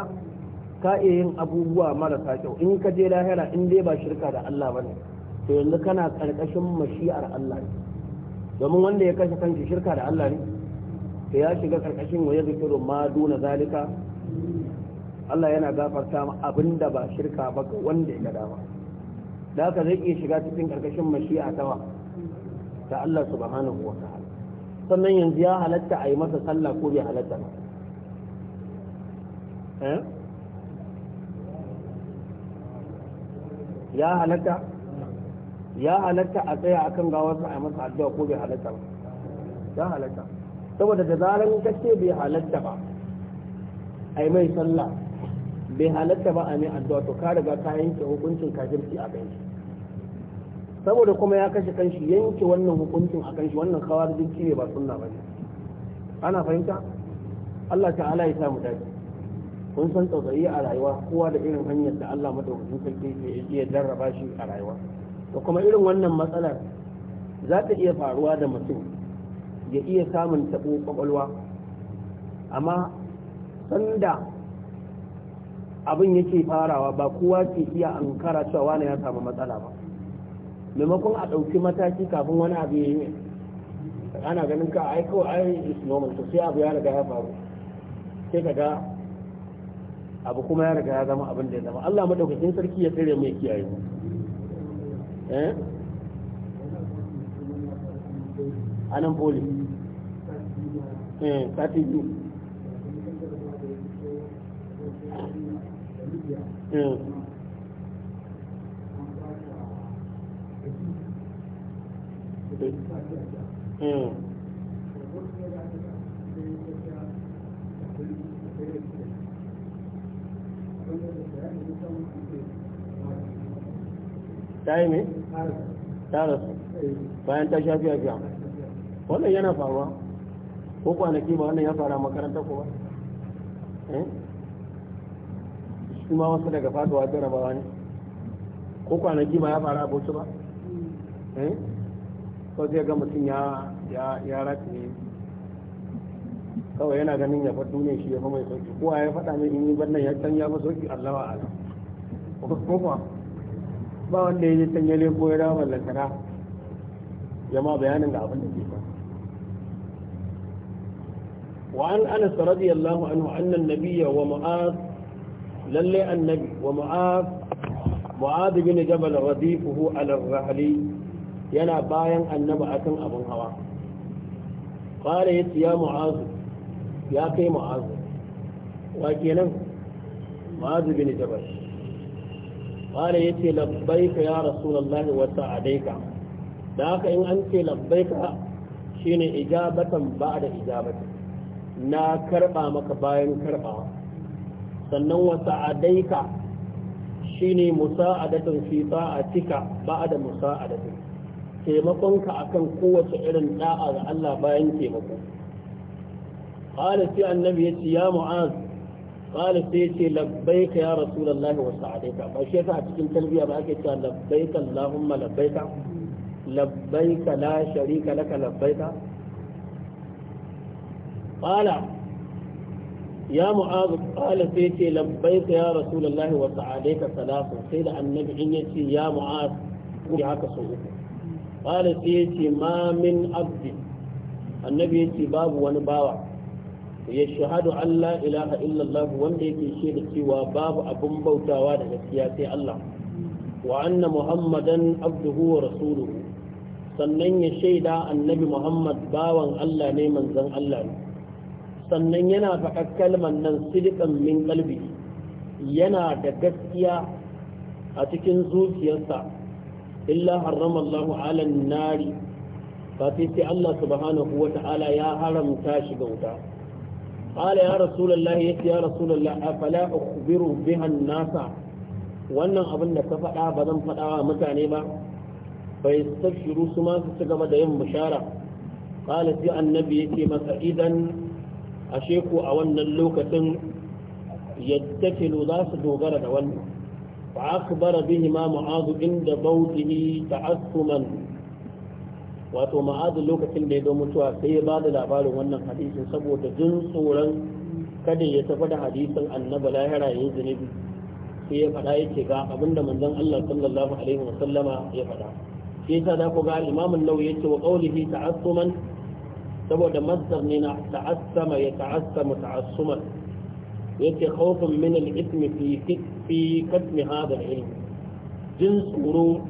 ka iya yin abubuwa marasa kyau in ka je lahira in dai ba shirka da Allah bane to yanzu kana karkashin mashi'ar Allah ne domin wanda ya kashe kanshi shirka da Allah ne to ya shiga karkashin wa yadhkuru ma duna zalika Allah yana gafarta ma abinda ba shirka ba ga wanda ya gada ba da haka zai iya shiga cikin karkashin mashi'a tawa ta Allah subhanahu wa ta'ala sannan yanzu ya halatta a yi masa sallah ko bai halatta ba eh? ya halatta ya halatta a tsaya akan gawarsa a yi masa addu'a ko bai halatta ba ya halatta saboda da zaran kace bai halatta ba ai mai sallah bai halatta ba a mai addu'a to ka riga ka yanke hukuncin kafirci a kan shi saboda kuma ya kashe kanshi yanke wannan hukuncin a kan shi wannan kawarjinci ne ba sunna ba ne ana fahimta Allah ta'ala ya samu dace kun san tsautsayi a rayuwa kowa da irin hanyar da Allah madaukakin sarki ke iya jarraba shi a rayuwa to kuma irin wannan matsalar za ta iya faruwa da mutum ya iya samun taɓo ƙwaƙwalwa amma sanda abin yake farawa ba kowa ke iya ankara cewa wani ya samu matsala ba maimakon a ɗauki mataki kafin wani abu ya yi ana ganin ka ai kawai ai is normal to sai abu ya riga ya faru sai ka ga abu kuma ya riga ya zama abin da ya zama Allah madaukakin sarki ya tsire mai kiyaye mu eh a nan poli eh, sati biyu eh. eh. ta yi ne? ta rasu bayan ta wannan yana faruwa ko kwanaki ba wannan ya fara makaranta ko ba eh? shi ma wasu daga faduwa jarabawa ne ko kwanaki ba ya fara aboki ba eh? ko zai ga mutum ya ne kawai yana ganin ya faɗo ne shi ya fa mai sauki kowa ya faɗa mai in yi bannan ya can ya fa sauki Allah wa ko ba ba wanda ya yi can ne ko ya dawo mallakara ya ma bayanin ga abin da ke وعن أنس رضي الله عنه أن النبي ومعاذ للي النبي ومعاذ معاذ بن جبل رديفه على الرحل ينا بايا النبع أتم أبو هوا قال يا معاذ يا كي معاذ وكينا معاذ بن جبل قال يتي لبيك يا رسول الله وسعديك ذاك إن أنت لبيك شين إجابة بعد إجابة na karɓa maka bayan karɓawa sannan wata adaika shine ba fi da ba'da musa'adatin taimakonka akan kowace irin da'a ga Allah bayan taimako qala sai annabi yace ya mu'az qala sai yace labbaika ya rasulullahi wa sa'adaika ba shi yasa a cikin talbiya ba ake cewa labbaika allahumma labbaika ka la sharika laka ka? qala ya mu'az qala sai ce labbaika ya rasulullahi wa sa'adaika salatu sai da annabi in yace ya mu'az ki haka so uku qala sai yace ma abdi annabi yace babu wani bawa ya shahadu Allah ilaha illallah wanda yake shaida cewa babu abun bautawa da gaskiya sai Allah wa anna muhammadan abduhu wa rasuluhu sannan ya shaida annabi muhammad bawan Allah ne manzon Allah ne sannan yana faɗa kalman nan silikan min kalbi yana da gaskiya a cikin zuciyarsa illa harrama Allahu nari ba sai sai Allah subhanahu wa ta'ala ya haramta shi ga wuta qala ya rasulullahi yace ya rasulullahi afala ukhbiru biha an-nasa wannan abin da ka faɗa ba zan faɗa wa mutane ba bai tashiru su ma su ci gaba da yin bishara qala sai annabi ce masa idan ashe ku a wannan lokacin yattakilu za su dogara da wannan fa akbara bihi ma mu'azu inda ta ta'assuman wato ma'azu lokacin da ya zo mutuwa sai ya bada labarin wannan hadisin saboda jin tsoron kada ya tafi da hadisin annaba lahira yin zunubi sai ya faɗa yake ga abinda manzon Allah sallallahu alaihi wa sallama ya faɗa sai ta da ku ga imamun nawawi yake wa qawlihi ta'assuman saboda masdar ne na ta'assama ya ta'assama ta'assuman yake khawfin min al-ithmi fi fi katmi hada ilmi jin tsoro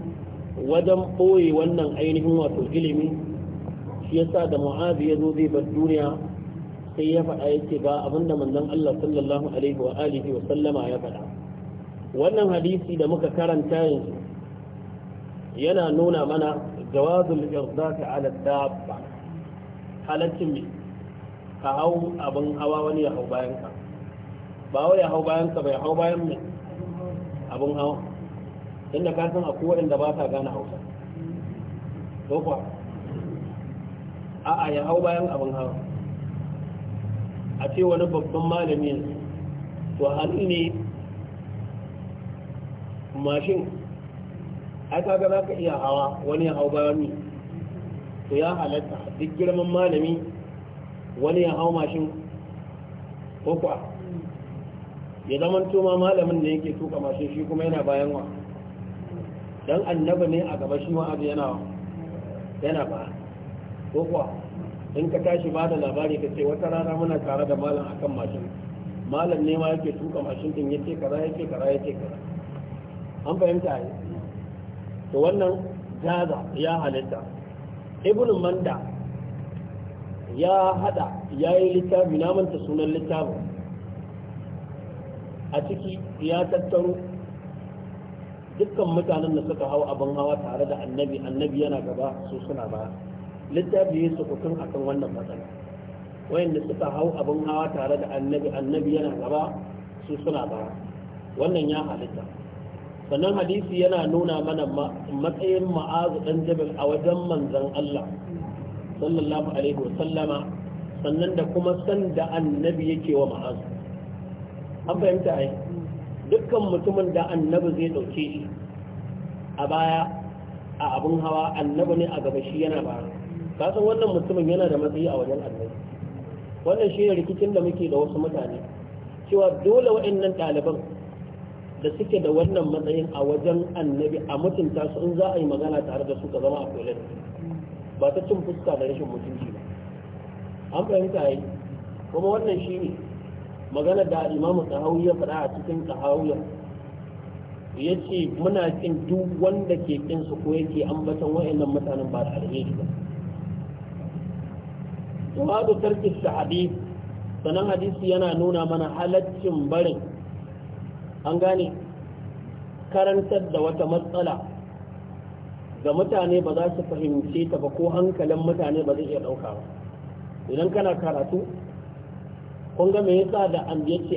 wajen boye wannan ainihin wato ilimi shi yasa da mu'azi ya zo zai bar duniya sai ya faɗa yake ba abinda manzon Allah sallallahu alaihi wa alihi wa sallama ya faɗa wannan hadisi da muka karanta yanzu yana nuna mana jawazul irdaka ala dabba halaccin mai ka hau abin hawa wani ya hau bayan ka ba wai ya hau bayan ka bai hau bayan mai abin hawa inda ka san akwai waɗanda ba sa gane hausa ko kuwa a'a ya hau bayan abin hawa a ce wani babban malami to hannu ne mashin ai kaga za ka iya hawa wani ya hau bayan mai to ya halatta duk girman malami wani ya hau mashin ko kuwa ya zama tuma malamin da yake tuka mashin shi kuma yana bayan wa don annaba ne a gaba shi ma'adu yana yana ba ko kuwa in ka tashi ba da labari ka ce wata rana muna tare da malam a kan mashin malam ne ma yake tuka mashin din yake kaza yake kaza yake kara an fahimta ne to wannan jaza ya halitta ibn manda ya hada ya yi littafi namanta sunan littafin a ciki ya tattaro dukkan mutanen da suka hau abin hawa tare da annabi annabi yana gaba su suna ba littafi ya a akan wannan matsala wayanda suka hau abin hawa tare da annabi annabi yana gaba su suna ba wannan ya halitta sannan hadisi yana nuna mana matsayin ma'azu dan jabal a wajen manzan Allah sallallahu alaihi wa sallama sannan da kuma san da annabi yake wa ma'azu an fahimta ai dukkan mutumin da annabi zai ɗauke shi a baya a abin hawa annabi ne a gaba shi yana bara. ka san wannan mutumin yana da matsayi a wajen annabi wannan shi ne rikicin da muke da wasu mutane cewa dole waɗannan ɗaliban da suke da wannan matsayin a wajen annabi a mutunta su in za a yi magana tare da su ka zama a kula da ba ta cin fuska da rashin mutunci ba an fahimta yi kuma wannan shi ne magana da imamu tsahawi ya faɗa a cikin tsahawiya ya ce muna kin duk wanda ke kin su ko yake ambatan wayannan mutanen ba da alheri ba wa da tarki sanan hadisi yana nuna mana halaccin barin an gane karantar da wata matsala ga mutane ba za su fahimce ta ba ko hankalin mutane ba zai iya ɗauka ba idan kana karatu kun ga me yasa da an yace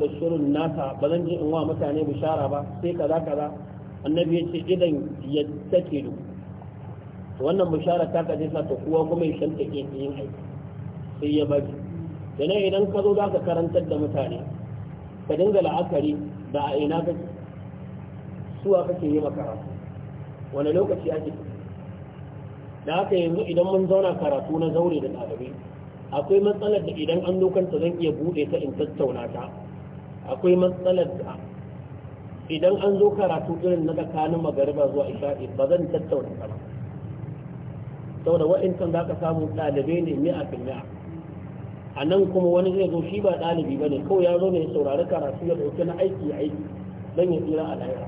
da shirin nasa ba zan ji in wa mutane bishara ba sai kaza kaza annabi yace idan to wannan bishara ta kaje sa ta kuwa kuma ya shanta ke yin aiki sai ya bari idan idan ka zo za ka karantar da mutane ka dinga la'akari da a ina kake suwa kake yi makaratu wani lokaci ake da haka yanzu idan mun zauna karatu na zaure da ɗalibai akwai matsalar da idan an dokanta zan iya buɗe ta in tattauna ta akwai matsalar da idan an zo karatu irin na tsakanin magariba zuwa isha'i ba zan tattauna ta ba wa'in can za ka samu ɗalibai ne mi'a fil mi'a a nan kuma wani zai zo shi ba ɗalibi ba ne kawai ya zo ne ya saurari karatu ya ɗauki na aiki ya aiki don ya tsira a lahira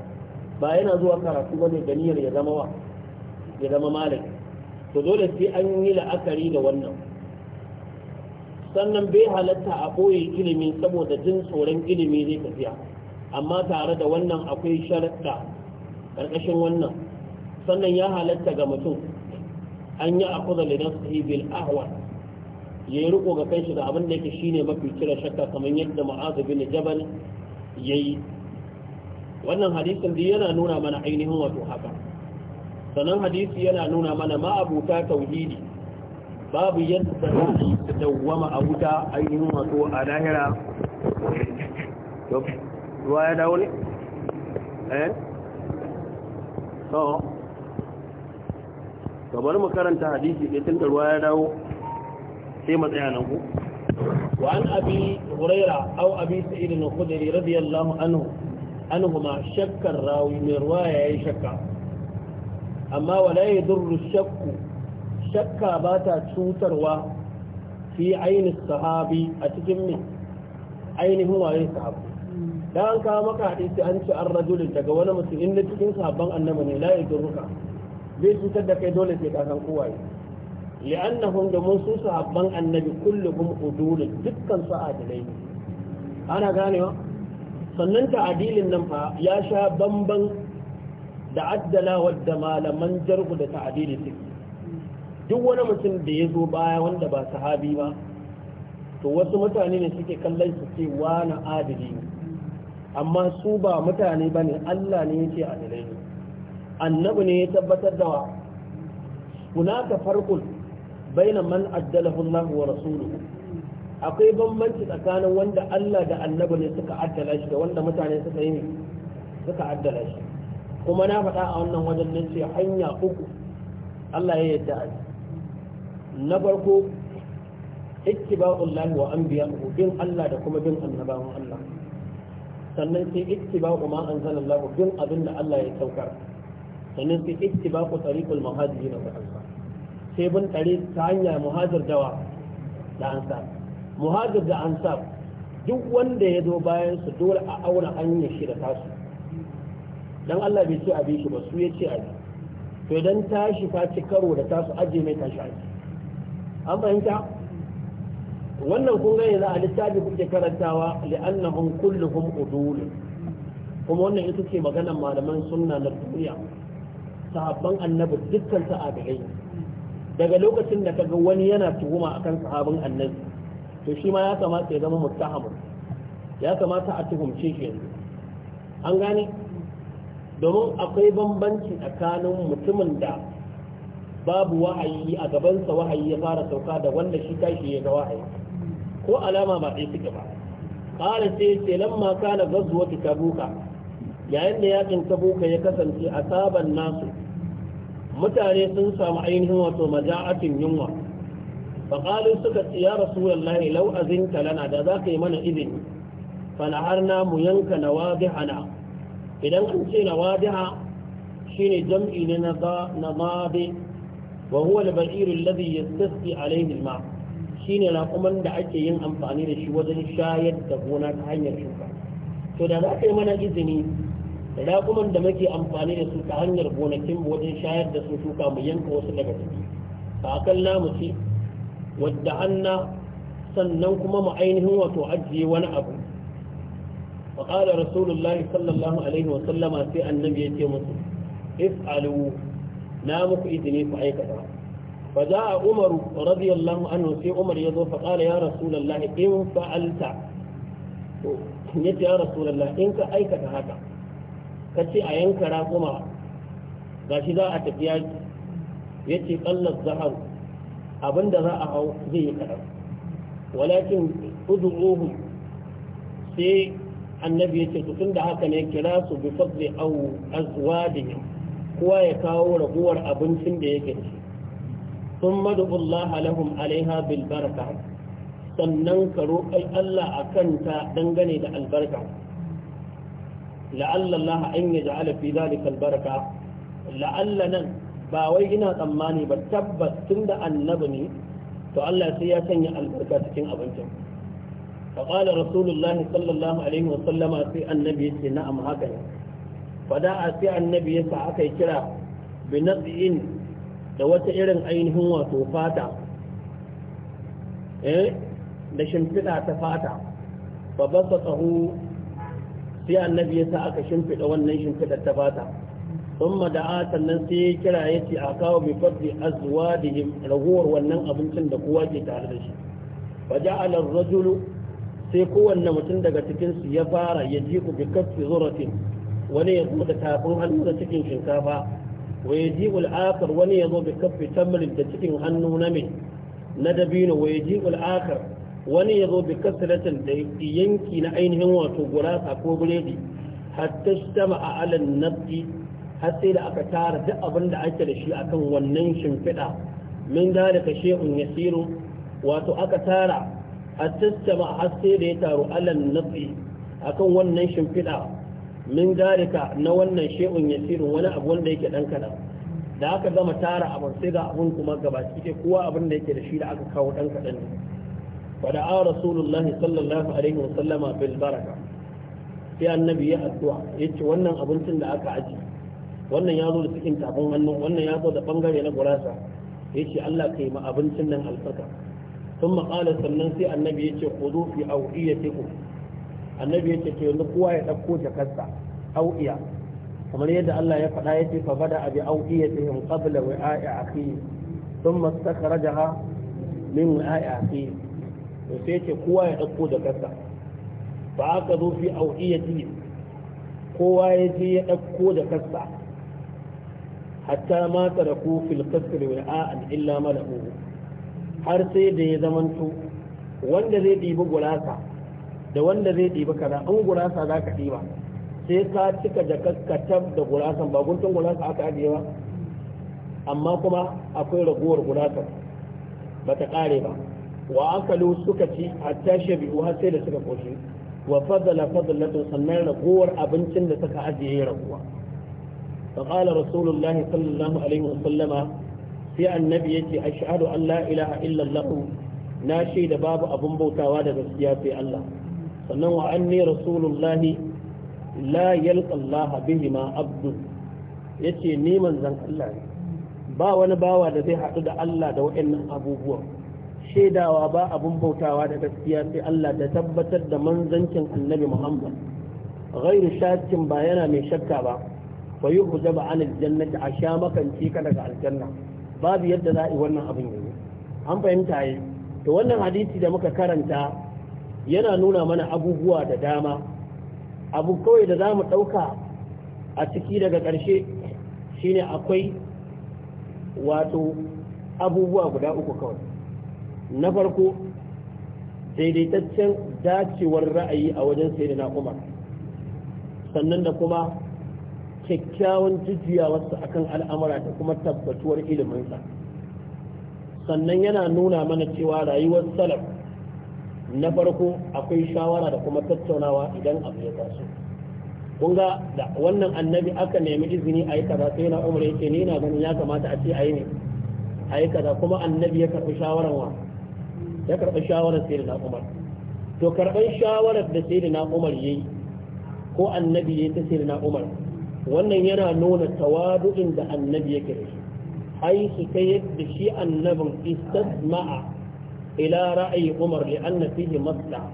ba yana zuwa karatu ba ne da niyyar ya zama wa ya zama malami to dole sai an yi la'akari da wannan sannan bai halatta a ɓoye ilimi saboda jin tsoron ilimi zai tafiya amma tare da wannan akwai sharatta ƙarƙashin wannan sannan ya halatta ga mutum an yi a kuza lidan sahibil ahwal ya yi riko ga kanshi da abin da yake shine mafi kira shakka kamar yadda ma'azu bin jabal ya yi wannan hadisun da yana nuna mana ainihin wato haka sannan hadisi yana nuna mana ma'abuta tauhidi babu yadda za a dawwama a wuta ainihin wato a lahira ruwa ya dawo ne? eh? so mu karanta hadisi ɗaya tun da ruwa ya dawo sai matsaya nan ku wa'an abi huraira au abi sa'idin khudri radiyallahu anhu anhuma shakkar rawi mai shakka amma wala ya durru shakku shakka ba ta cutarwa fi aini sahabi a cikin mai ainihin waye sahabu an kawo maka hadisi an ci an rajulin daga wani mutum inda cikin sahabban annabi ne la ya durruka bai cutar da kai dole sai ka san li'annahum domin su sahabban annabi kulluhum udulun dukkan su adilai ana ganewa sannan ta'adilin nan fa ya sha bamban da addala wadda malaman jarhu da ta'adili su duk wani mutum da ya zo baya wanda ba sahabi ba to wasu mutane ne suke kallon su wani adili ne amma su ba mutane ba ne Allah ne yake adilai ne annabi ne ya tabbatar da wa hunaka farqul baina man addalahu Allah wa rasuluhu akwai bambanci tsakanin wanda Allah da annabi ne suka addala shi da wanda mutane suka yi suka addala shi kuma na faɗa a wannan wajen nan ce hanya uku Allah ya yadda a na farko ittiba'ul lahi wa anbiya'uhu bin Allah da kuma bin annabawan Allah sannan sai ittiba'u ma anzalallahu bin abin da Allah ya saukar sannan sai ittiba'u tariqul muhajirin wa ansar sai bin ta hanya muhajir dawa da ansar muhajir da ansar duk wanda ya zo bayan su dole a auna hanyar shi da tasu dan Allah bai ce a bi ba su ya ce a bi to idan tashi ta ci karo da tasu aje mai tashi aji an fahimta wannan kun ga yanzu a littafi kuke karantawa li'annahum kulluhum udul kuma wannan ita ce maganar malaman sunna na duniya sahabban annabi dukkan sahabbai daga lokacin da kaga wani yana tuhuma akan sahabin annabi to shi ma ya kamata ya zama muttahamun ya kamata a tuhumce shi yanzu an gane domin akwai bambanci tsakanin mutumin da babu wahayi a gabansa wahayi ya fara sauka da wanda shi tashi ya ga wahayi ko alama ba ɗaya suke ba ƙara sai ce lamma kana gazuwa ta tabuka yayin da yakin tabuka ya kasance a saban nasu mutane sun samu ainihin wato maja'atin yunwa faƙalu suka ce ya rasulallahi lau azinta lana da za ka yi mana izini na mu yanka na na idan an ce na wadiha shine jam'i ne na zabe wa huwa al-ba'ir alladhi ma shine raƙuman da ake yin amfani da shi wajen shayar da gona ta hanyar shuka to da za ka yi mana izini raƙuman da muke amfani da su ta hanyar gonakin mu wajen shayar da su shuka mu yanka wasu daga ciki a akalla mu ce wadda anna sannan kuma mu ainihin wato ajiye wani abu fa qala rasulullahi sallallahu alaihi wa sallama sai annabi ya ce musu if'alu na muku izini ku aikata fa za'a umaru radiyallahu anhu sai umar ya zo fa qala ya rasulullahi in fa'alta to ya rasulullahi in ka aikata haka ka ce a yanka raƙuma ga shi za a tafiya ya ce ƙallar zahar abin da za a hau zai yi kaɗan walakin udu'uhu sai annabi ya ce tun da haka ne kira su bi fadli au azwadihim kowa ya kawo raguwar abincin da yake ci sun madubullah lahum alaiha bil baraka sannan ka roƙi Allah a ta dangane da albarka la'alla Allah an yaj'ala fi la'alla nan ba wai ina tsammani ba tabbas tunda annabi ne to Allah sai ya sanya albarka cikin abincin wa رسول الله صلى الله عليه وسلم في النبي نعم هكذا فدعا في النبي يسعى كي كرا بنقئ da wata irin ainihin wato fata eh da shimfiɗa ta fata ba ba tsaho sai annabi ya sa aka shimfiɗa wannan shimfiɗar ta bata sun mada'a sannan sai ya kira ya ce a kawo bi fadli azuwa da ragowar wannan abincin da kowa ke tare da shi ba ja'ala rajulu sai kowanne mutum daga cikinsu ya fara ya ji ku bi kaffi zuratin wani ya zo da tafin hannu da cikin shinkafa wa ya ji ul'akar wani ya zo bi kafi tamarin da cikin hannu na mai na dabino wa ya ji ul'akar wani ya zo bi kasratin da yanki na ainihin wato gurasa ko biredi hatta shama a alan nafsi har sai da aka tara duk abin da ake da shi akan wannan shimfiɗa min dalika shay'un yasiru wato aka tara hatta shama har sai da ya taru alan nafsi akan wannan shimfiɗa min dalika na wannan shay'un yasiru wani abu wanda yake dan kadan da aka gama tara abin sai da abun kuma gabaki ɗaya kowa abin da yake da shi da aka kawo dan kadan ne فدعا رسول الله صلى الله عليه وسلم بالبركة في النبي الدعاء يتش ونن أبنتن لأك عجي wannan ya zo cikin tafin hannu wannan ya zo da bangare na gurasa ya ce Allah ka yi ma abincin nan albarka sun maƙala sannan sai annabi ya ce ku zo fi au'iya teku annabi ya ce ke yanzu kowa ya ɗauko jakarsa au'iya kamar yadda Allah ya faɗa ya ce fa min to sai ce kowa ya ɗauko da kansa ba aka zo fi auƙiyati kowa ya je ya ɗauko da kansa hatta ma taraku fil qasr wa a'an illa malahu har sai da ya zamanto wanda zai ɗibi gurasa da wanda zai ɗibi kaza an gurasa za ka ɗiba sai ka cika da kaskatar da gurasan ba guntun gurasa aka ajiye ba amma kuma akwai raguwar gurasa ba ta ƙare ba wa akalu suka ci hatta shabi'u har sai da suka koshi wa fadala fadlatu sannan ragowar abincin da suka ajiye raguwa fa qala rasulullahi sallallahu alaihi wa sallama sai annabi yace ashhadu an la ilaha illa allah na shaida babu abun bautawa da gaskiya sai Allah sannan wa anni rasulullahi la yalqa Allah bihima abdu yace ni manzon Allah ne ba wani bawa da zai haɗu da Allah da waɗannan abubuwan shaidawa ba abun bautawa da gaskiya sai Allah da tabbatar da manzancin annabi Muhammad ghairu shakkin ba yana mai shakka ba fa ba anil jannati a sha makanci ka daga aljanna babu yadda za a yi wannan abin yanzu an fahimta yi to wannan hadisi da muka karanta yana nuna mana abubuwa da dama abu kawai da za mu ɗauka a ciki daga ƙarshe shine akwai wato abubuwa guda uku kawai na farko daidaitaccen dacewar ra'ayi a wajen sai da umar sannan da kuma kyakkyawan jujjuyawarsa kan al'amura da kuma tabbatuwar iliminsa sannan yana nuna mana cewa rayuwar salaf na farko akwai shawara da kuma tattaunawa idan abu ya taso kun da wannan annabi aka nemi izini a yi kaza sai na umar yake ni na ganin ya kamata a ce a yi ne a yi kaza kuma annabi ya karɓi shawarar wa ya karɓi shawarar sai umar to karɓar shawarar da sai na umar yayi ko annabi yayi ta sai na umar wannan yana nuna tawadu'in da annabi yake da shi ai su kai yadda shi annabin istasma'a ila ra'ayi umar li anna fihi maslaha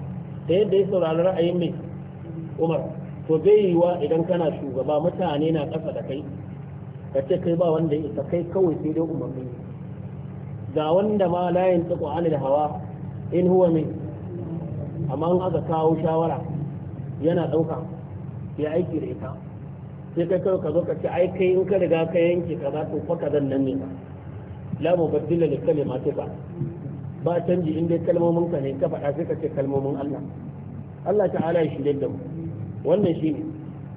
ta yadda ya saurari ra'ayin mai umar to bai yiwa idan kana shugaba mutane na ƙasa da kai ka ce kai ba wanda ya isa kai kawai sai dai umarni ga wanda ma layin ta ƙwa'ani da hawa in huwa mai amma in aka kawo shawara yana ɗauka ya aiki da ita sai kai kawai ka zo ka ce ai kai in ka riga ka yanke ka za to faka zan nan ne ba la mu baddila li kalimatika ba canji in dai kalmomin ka ne ka faɗa sai ka ce kalmomin Allah Allah ta'ala ya shirye da mu wannan ne.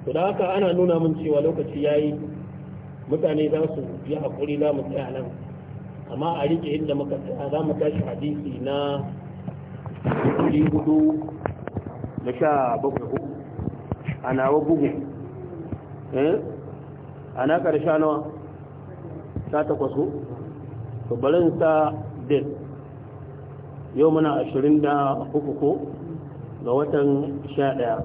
to da haka ana nuna min cewa lokaci yayi mutane za su yi hakuri za mu tsaya nan amma a rike inda muka za mu tashi hadisi na 17, a nawa bugu eh a na ƙarshe nawa ta takwas ko barin sa din yau muna 23 ko ga watan 11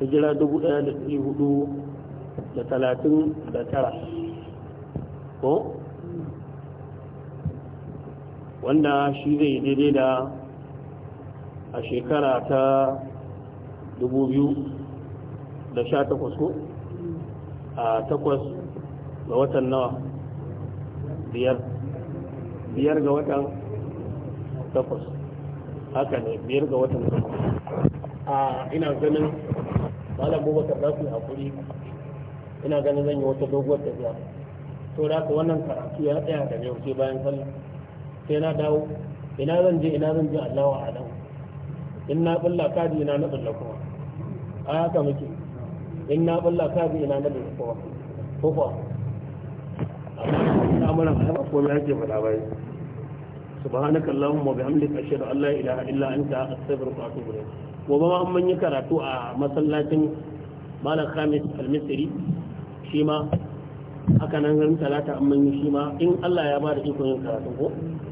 hijira 1439 ko wanda shi zai daidai da a shekara ta 2018 ko a takwas ga watan nawa biyar biyar ga watan takwas haka ne biyar ga watan takwas a ina ganin malam bubakar za su haƙuri ina ganin zan yi wata doguwar tafiya to da wannan karatu ya tsaya da yau sai bayan sallah sai na dawo ina zan je ina zan je Allahu a'lam in na bulla kadi ina na bulla kuma a haka muke in na bulla kadi ina na bulla kuma ko ko amma al'amuran haka ko ya ke fada bai subhanaka allahumma wa bihamdika ashhadu an la ilaha illa anta astaghfiruka wa atubu ilayk gobe ma mun yi karatu a masallacin malam khamis al-misri shi ma haka nan ran talata an mun yi shi ma in Allah ya ba da ikon yin karatu ko